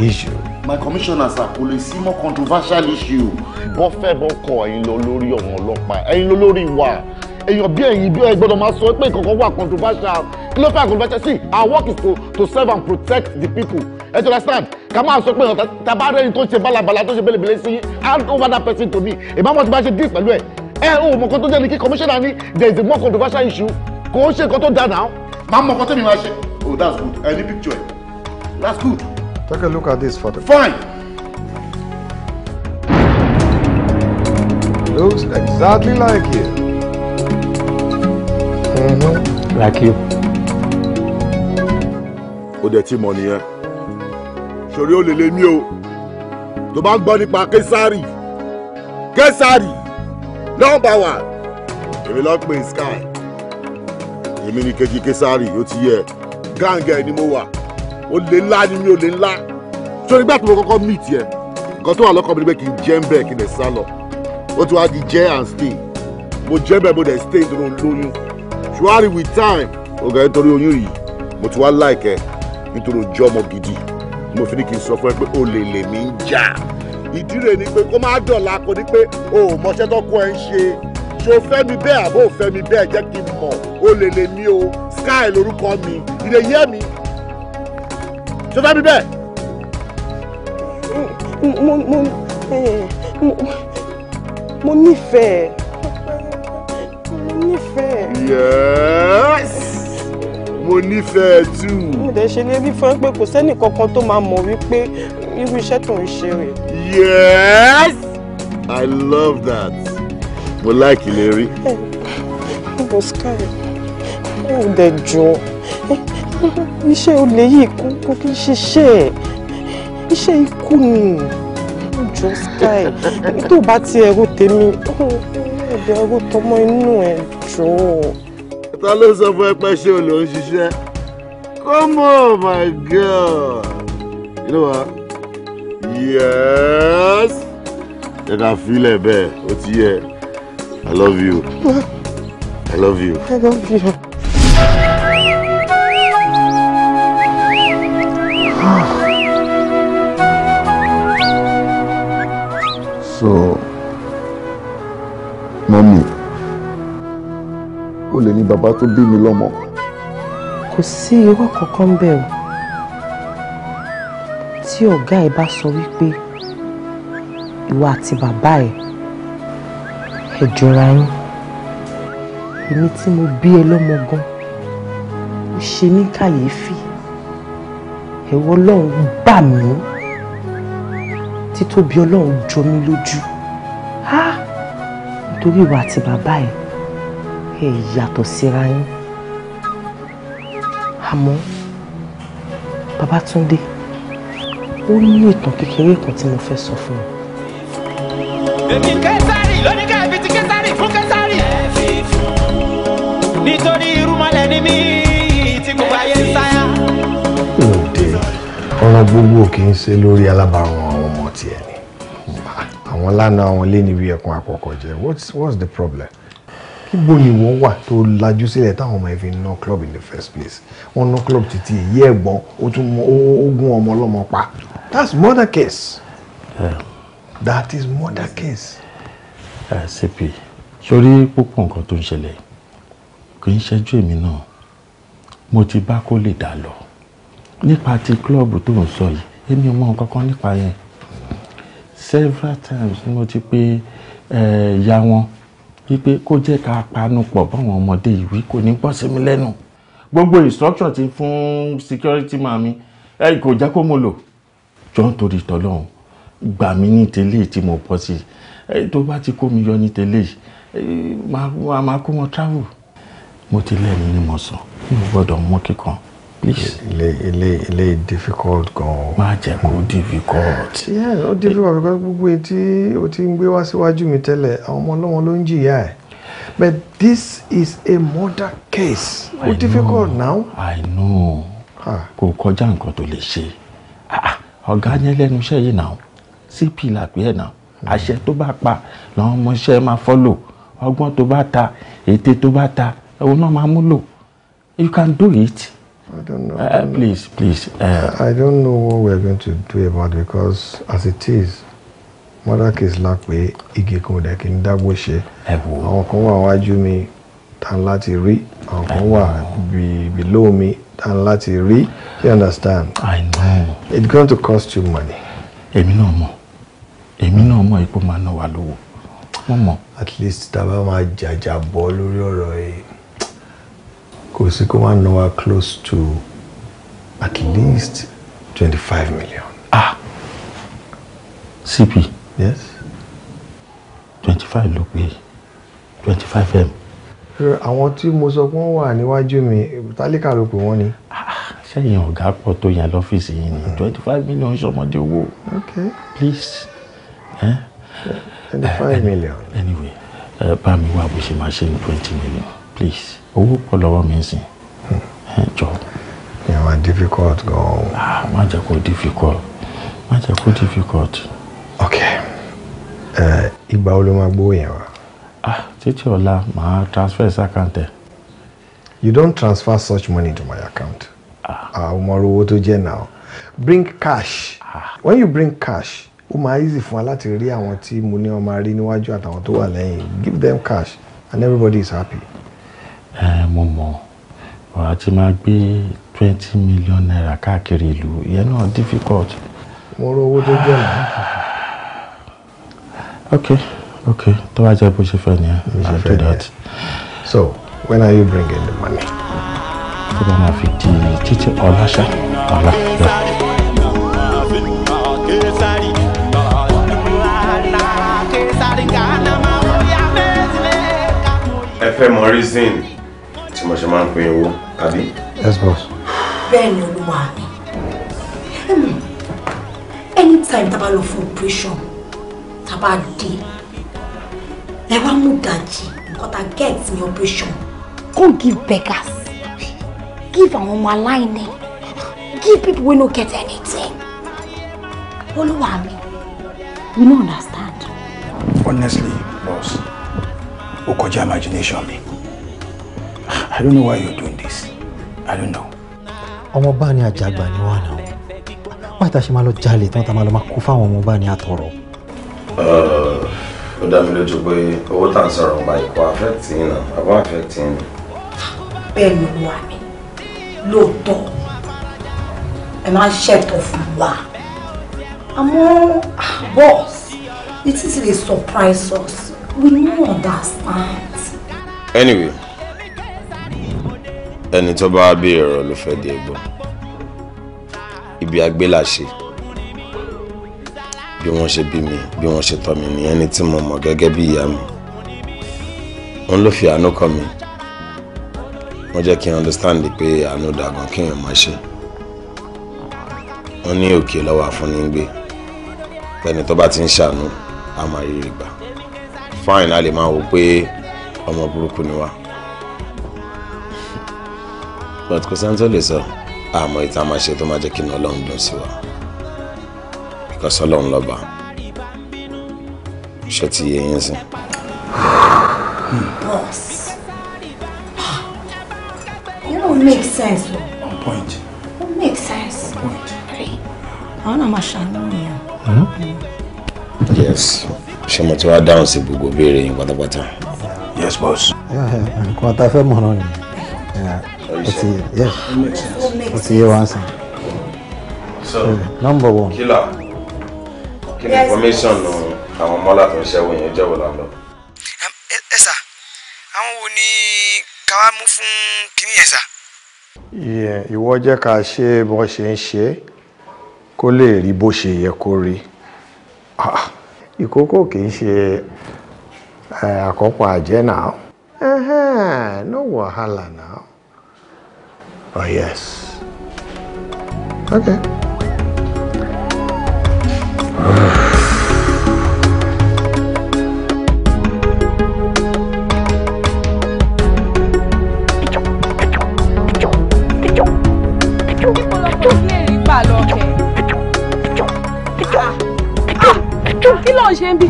issue. My commissioner sir kò lè more controversial issue. Wọ́n Boko, bọ́ kọ ẹ̀yin lọ lórí ọ̀wọ́n ọlọ́pàá ẹ̀yin lọ lórí wa. Èèyàn bí ẹ̀yin bí ẹ gbọ́dọ̀ máa sọ pé controversial. Kí ló controversial? See, our work is to to serve and protect the people. Ẹ jọ̀rọ̀ stand ká máa sọ pé ọ̀tá tá a bá rẹ́yìn tó ṣe bálabàla tó ṣe bẹ́lẹ̀bẹ́lẹ̀ sí hand over that person to me ìbámu ti bá ṣe deal pẹ̀lú ẹ̀ ẹ ò mọ̀ kan tó jẹ́ ni kí commissioner ni there is a more controversial issue kò ń ṣe nǹkan tó now? náà. máa mọ̀ kan tẹ́mi máa ṣe. oh that's good Any picture that's good. take a look at this photo. fine. looks exactly like you. Mm-hmm. like you. ó dẹ̀ tí mọ̀ nìyẹn sórí ó lè lé o tó bá ń gbọ́ nípa késàrì késàrì nọ́mbà wà èmi lọ́ọ́ pè sky èmi ni kejì késàrì ó ti yẹ gáǹgẹ̀ ni mo wà ó lè ńlá ni mi ò lè ńlá sórí gbà tí mo kọ́kọ́ meet yẹ nǹkan tó wà lọ́kàn mi ni pé kì í jẹ́ ń bẹ̀ kí n lè lọ ó ti wá di jẹ́ and stay mo jẹ́ bẹ́ẹ̀ mo dẹ̀ stay nítorí olóyún ṣùgbọ́n with time ọ̀gá nítorí oyún yìí mo ti wá láìkẹ́ nítorí ojú ọmọ gidi mo fi ní kí n sọ fún ẹ pé olè lèmi ń jà ìdí rẹ̀ ni pé kó má dọ̀la kó ní pé o ò mọṣẹ́ tó ẹ ń ṣe ṣo fẹ́ mi bẹ́ẹ̀ àbó fẹ́ mi bẹ́ẹ̀ jẹ́ kí n mọ̀ olè lèmi o sky lórúkọ mi ìdè yé mi ṣo fẹ́ mi bẹ́ẹ̀. mo mo mo mo nífẹ̀ẹ́ mo nífẹ̀ẹ́. yẹ́ẹ́sì mo nífẹ̀ẹ́ tù. mo dẹ̀ ṣe lérí fún ẹ pé kò sẹ́nì kankan tó máa mọ̀ wípé irú iṣẹ́ tó ń ṣe rẹ̀. yes i love that mo láìkì lérí. bó sky ó dẹ̀ jọ iṣẹ́ olè yìí kò kí n ṣiṣẹ́ iṣẹ́ ikú ni jọ sky tó bá ti ẹrú tèmi ẹ̀dẹ̀ ẹrú tọmọ inú ẹ̀ jọ ta ló sọ fún ẹ pé ṣé o lò come on my girl you know what yes ẹ kà filẹ̀ bẹ́ẹ̀ ó ti yẹ i love you i love you. I love you. so mọ́mí kò lè ní bàbá tó bí mi lọ́mọ. kò sí irọ́ kankan bẹ́ẹ̀ o tí ọ̀gá ẹ bá sọ wípé ìwà àti bàbá ẹ ẹ jọra yín èmi tí mo bí ẹ lọ́mọ gan ó ṣe mí kàyéfì ẹ̀wọ́ ọlọ́run gbà mí títóbi ọlọ́run jọ mí lójú nítorí ìwà àti bàbá ẹ ẹ yàtọ̀ síra yín àmọ́ Babátúndé ó ní ìtàn kékeré kan tí mo fẹ́ sọ fún un. èmi kẹsàrì lóní kẹfì ti kẹsàrì fún kẹsàrì. nítorí irúmọlẹ̀ ni mí tí gbogbo ayé ń sáyà. òde ọ̀ràn gbogbo kì í ṣe lórí alábàárùn àwọn ọmọ tiẹ̀ ni àwọn lánàá àwọn lé níbi ẹkùn àkọ́kọ́ jẹ what's the problem níbo ni wọ́n wà tó lajú sílẹ̀ táwọn ọmọ ẹ̀ fi ná club in the first place wọ́n ná club títí èyí ẹ̀gbọ́n ó tún mọ ogún ọmọ ọlọ́mọ pa that's murder case that is murder case. cp sórí púpọ̀ nǹkan tó ń ṣẹlẹ̀ kì í ṣẹ́jú èmi náà mo ti bá kó lè dà lọ nípa ti club tó ń sọ yìí èmi ò mọ nǹkan nípa yẹn several times ni mo ti pè eh, ìyá wọn wípé kó jẹ́ ká panu pọ̀ báwọn ọmọdé ìwí kò ní bọ́ sí mi lẹ́nu gbogbo instruction ti fún security man mi ẹ kò jẹ́ kó mo lò jọ́n torí tọ́lọ́hún gbà mí ní tẹ́lẹ̀ tí mo bọ́ sí i tó bá ti kó mi yọ ní tẹ́lẹ̀ máa kó wọn travel mo ti lẹ́ni ni mo sọ mi gbọ́dọ̀ mú kíkan please. ilé ilé ilé difficult gan. má jẹ́ kó difficult. yeah ó difficult because gbogbo etí o ti ń gbé wá síwájú mi tẹ́lẹ̀ àwọn ọmọ ọlọ́mọ ló ń jìyà ẹ̀ but this is a murder case. ó difficult now. i know kò kọjá nǹkan tó lè ṣe ah, ah, ọ̀gá yẹn lẹ́nu iṣẹ́ yìí náà cp làpẹ́ ẹ̀ náà àṣẹ tó bá pa làwọn ọmọọṣẹ́ máa follow ọgbọ́n tó bá ta ète tó bá ta òun náà máa múlò you can do it. I don't know. Uh, uh, please, please. Uh, I don't know what we're going to do about it because as it is, mother case la pé igi kan dẹ̀ kí n dágbó ṣe. Ẹ wo. Àwọn kan wà wájú mi tán láti rí. Àwọn below me. tán láti rí. You understand? I know. It's going to cost you money. Èmi náà mọ̀. Èmi náà mọ̀ ipò máa ná wa lówó. Mo At least tá a bá máa jàjà kò sí kó wá close to at least 25 million. ah cp. yes. 25. five ló pé m. àwọn tí mo sọ pé wọ́n wà níwájú mi tálíkà ló pè wọ́n ni. sẹ́yìn ah, ọ̀gá pọ̀ tó yẹn lọ́fíìsì yìí ni twenty five million ṣọmọdé owó. okay. please. Eh? twenty five million. anyway eh, bá mi wá bó ṣe máa ṣe ní twenty million please owó pọ̀ lọ́wọ́ mi sìn ẹ jọ. wà difficult gan-an. ah má jẹ́ kó difficult má jẹ́ kó difficult. ok ìgbà wo ló máa gbówó yẹn wá. ah títí ọ̀la màá transfer sí àkáǹtẹ̀. you don't transfer such money to my account. Ah. ọmọ ah, owó tó jẹ́ náà bring cash ah. when you bring cash ó máa easy fún wa láti rí àwọn tí mo ní ọmọ rí níwájú àtàwọn tó wà lẹ́yìn give them cash and everybody is happy ẹ mo mọ̀ ọ̀rọ̀ àti máa gbé twenty million naira káàkiri ìlú ìyẹn náà difficult. mo rò owó tó jẹ́ náà. ok ok tó bá jẹ́ bó ṣe fẹ́ nìyẹn we shall do that. so when are you bringing the money. tó bá máa fi di títí ọ̀la ṣá ọ̀la yọ. ẹ mo ṣe máa ń pín owó àbí. yes boss. bẹ́ẹ̀ ni olúwa mi hmm. anytime tá a bá lọ fún operation tá a bá dé ẹ wá mú dàjì nǹkan tá get ní operation come give beggars give àwọn ọmọ aláìní give people wey no get anything olúwa mi you no understand. honestly boss ó kọjá imagination mi. I don't know why you're doing this. I don't know. ọmọ bá ní àjàgbà ni wà náà wáyé tá a ṣe máa lọ jalè tán tá a máa lọ máa kó fáwọn ọmọ bá ní àtọrọ. ó dá mi lójú pé owó tá à ń ọba ìkọ́ àfẹ́tì yìí náà àbọ̀ àfẹ́tì bẹ́ẹ̀ ló wà mí lóòótọ́ ẹ máa ń ṣẹ̀tọ̀ fún wa àmọ́ ah, boss it is a surprise us we no understand. anyway ẹni tó bá bí ọ̀rọ̀ ló fẹ́ di ẹ̀gbọ́n ibi agbélàṣe bí wọ́n ṣe bí mi bí wọ́n ṣe tọ́ mi ní ẹni tí mo mọ̀ gẹ́gẹ́ bí ìyá mi wọ́n ló fi àánú kọ́ mi wọ́n jẹ́ kí n understand pé àánú dàgbọ́n kí n máa ṣe wọ́n ní òkè lọ́wọ́ àfúnigbé pẹ́ni tó bá ti ń ṣàánú a máa rí rí gbà fine a lè máa wò pé ọmọ burúkú ni wá but kò sẹ́ni tó lè sọ àmọ́ ìta máa ṣe tó máa jẹ́ kí ni ọlọ́run dùn sí wa because ọlọ́run lọ́ba ṣé ti yẹ yín sí. boss you know it make sense o. on point. it make sense. on point. àwọn náà máa ṣàánú hmm? yes ṣé mo ti wá dáhùn sí gbogbo ìbéèrè yín pátápátá. yes boss. nǹkan tá a fẹ́ mọ̀ náà nìyẹn. It is, yes. makes sense. What's your answer? So, yeah. number one. Killer. Kí ni information àwọn ọmọlá tó ń ṣẹ́wó when you wò lálọ́? Ẹ sà, àwọn wo ni ká wá mú fún kínní yẹn sà? Ìwọ jẹ́ ká ṣe bó ṣe ń ṣe kó lè rí bó ṣe yẹ kó rí. Ah, ìkókó kì í ṣe eh, àkọ́pọ̀ àjẹ́ náà. No wàhálà náà. Oh, yes. Okay. kí ló ń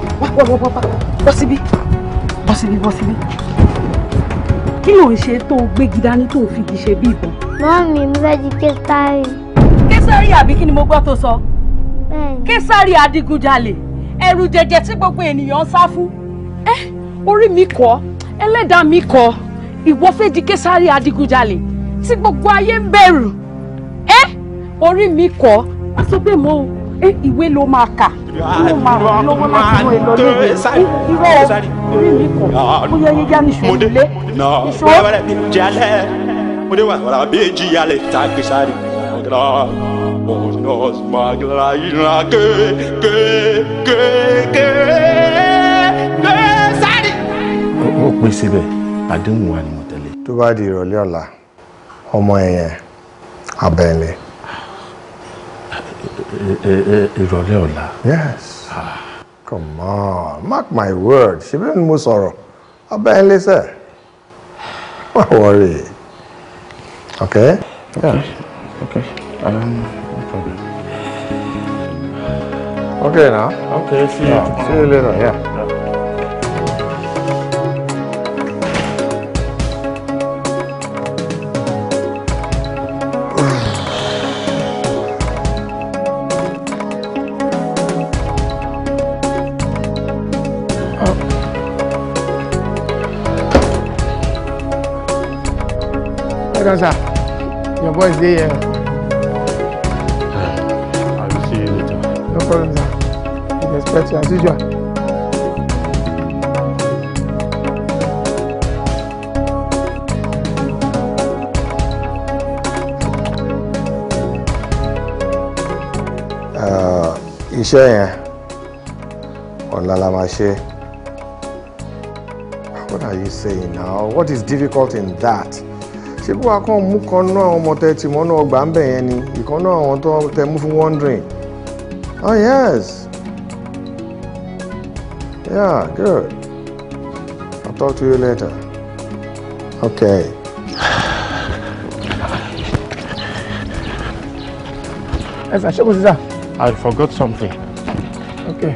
kí ló ń ṣe tó gbégi dání tó fi igi ṣe bí ìbọn. Mọ́mí mi fẹ́ di Késárì. Késárì àbí kí ni mo gbọ́ tó sọ? Bẹ́ẹ̀ni. Késárì adigunjalè, ẹrù jẹjẹ tí gbogbo ènìyàn ń sá fún. Ẹ orí mi kọ́, ẹlẹ́dàá mi kọ́, ìwọ fẹ́ di Késárì adigunjalè tí gbogbo ayé ń bẹ̀rù. Ẹ orí mi kọ́, wọ́n sọ pé mo ìwé ló máa kà ló máa ràn lọ́wọ́ láti mú èlò léde irọ́ orí mi kọ́ ó ah, ah, yẹ yíyá ní ìṣòro ilé ìṣòro. Podeva, ora beji ale ta che sari. Gra, os nos magla ina che che che che che sari. Ó pé síbẹ̀, àdéhùn wa ni mo tẹ̀lé. Tó di ìrọ̀lẹ́ ọ̀la, ọmọ ẹ̀yẹn abẹ́lé. Ìrọ̀lẹ́ ọ̀la. Yes. Ah. Come on, mark my word. Ṣé bẹ́ẹ̀ ni mo sọ̀rọ̀? Abẹ́lé sẹ́ẹ̀. Má wọrí. Okay? Yeah. Okay. Um, no problem. Okay now. Okay, see you. Yeah. See you later, yeah. Gracias. boys dey here. I see you later. No problem, sir. We respect you as usual. Ah, iṣẹ́ yẹn ọ̀la la máa ṣe. What are you saying now? What is difficult in that? ṣé bí kàn mú kan náà àwọn ọmọ tẹ tì mọ́nú ọgbà ń bẹ̀ yẹn ni ìkan náà àwọn tó tẹ mú fún wondering oh ah, yes yeah good I'll talk to you later okay. Yes, I should go, sir. I forgot something. Okay.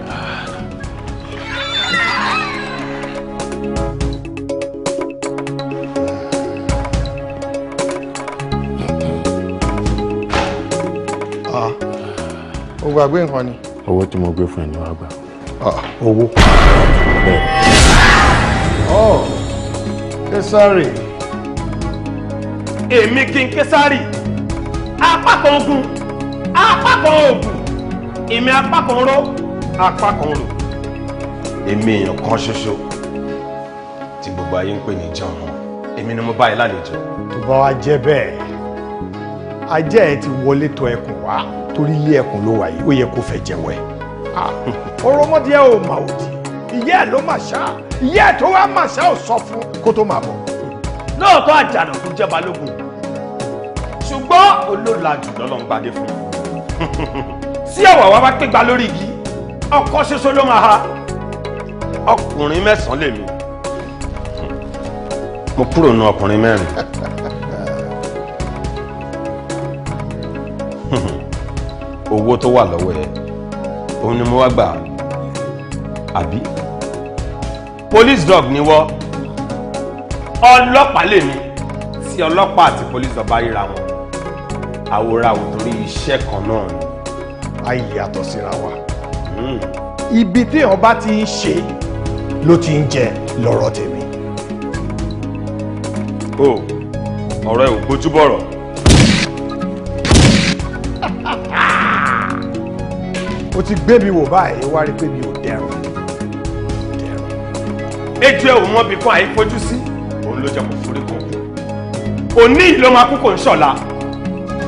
gbàgbé nǹkan ni. owó tí mo gbé fún ẹ ni wàá gbà. owó. bẹ́ẹ̀. ọ oh, kẹsàrì. èmi kí n kẹsàrì apákan ogun apákan oògùn èmi apákan rọ apákan rò èmi èèyàn kan ṣoṣo tí gbogbo ayé ń pè ní John èmi ni mo bá ẹ lálejò. tó bá wá jẹ́ bẹ́ẹ̀ ajá ẹ ti wọlé tọ ẹkùn wá torí ilé ẹkùn ló wà yìí ó yẹ kó fẹ́ jẹ́wọ́ ẹ̀. Ah, ọ̀rọ̀ ọmọdé ẹ ò mà òdì ìyá ẹ ló mà ṣá ìyá ẹ tó wá mà ṣá ò sọ fún kó tó máa bọ̀. lóòótọ́ àjànà kò jẹ́ balógun ṣùgbọ́n olólùlàjù lọ́lọ́run gbadé fún un. tí ẹ̀wà wa bá kégbá lórí igi ọkọ ṣoṣo ló máa ha ọkùnrin mẹ́sàn-án lèmi mo kúrò nu ọkùnrin mẹ́rin. [LAUGHS] owó tó wà lọ́wọ́ ẹ òun ni mo wá gbà àbí police dog ni wọ́ ọlọ́pàá lèmi tí ọlọ́pàá àti police dog bá ríra wọn àwòrán torí iṣẹ́ kan náà ni. a yàtọ̀ síra wa hmm. ibi téèyàn bá ti ń ṣe ló ti ń jẹ lọ́rọ̀ tèmi. o oh, ọ̀rọ̀ ẹ̀ ò gbójúbọ̀rọ̀. o ti gbé mi wò báyìí wá rí pé mi ò dẹrùn dẹrùn ejú ẹ ò mọ bí kan àìfojú sí òun ló jẹ kó forí kan kú òní ìlú ọmọ akókò ń ṣọ̀la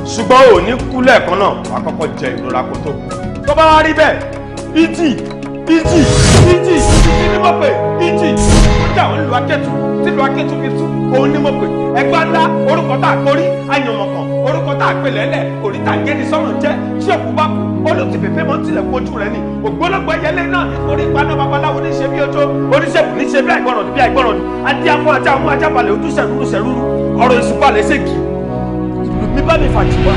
ṣùgbọ́n òní kú lẹ́ẹ̀kan náà wàá kọ́kọ́ jẹ ìrora kó tó kú tó bá wá rí bẹ́ẹ̀ ìjì ìjì ìjì ìjì ni mo pè ìjì kúndà òun lu akẹ́tù sílu akẹ́tù fi tú òun ni mo pè ẹgbẹ́ ńlá orúkọ tá a kórí àyànmọ̀kàn orúkọ tá a pè lẹ́lẹ̀ òrìtà gẹ́ni sọ́run jẹ́ tí òkú bá kú olùtí pèpè mọ́ tilẹ̀ kojú rẹ ni ògbólógbò yẹlé náà orí ìpaná babaláwo ní ṣe bí ojú oníṣègùn ní ṣe bí àìgbọràn bí àìgbọràn ni adé afọ ajá àwọn ajábalẹ̀ ojú sẹ̀rúrú sẹ̀rúrú ọ̀rọ̀ ìṣùpalẹ̀ ṣèkì ìlú mi bá mi fàjì wá.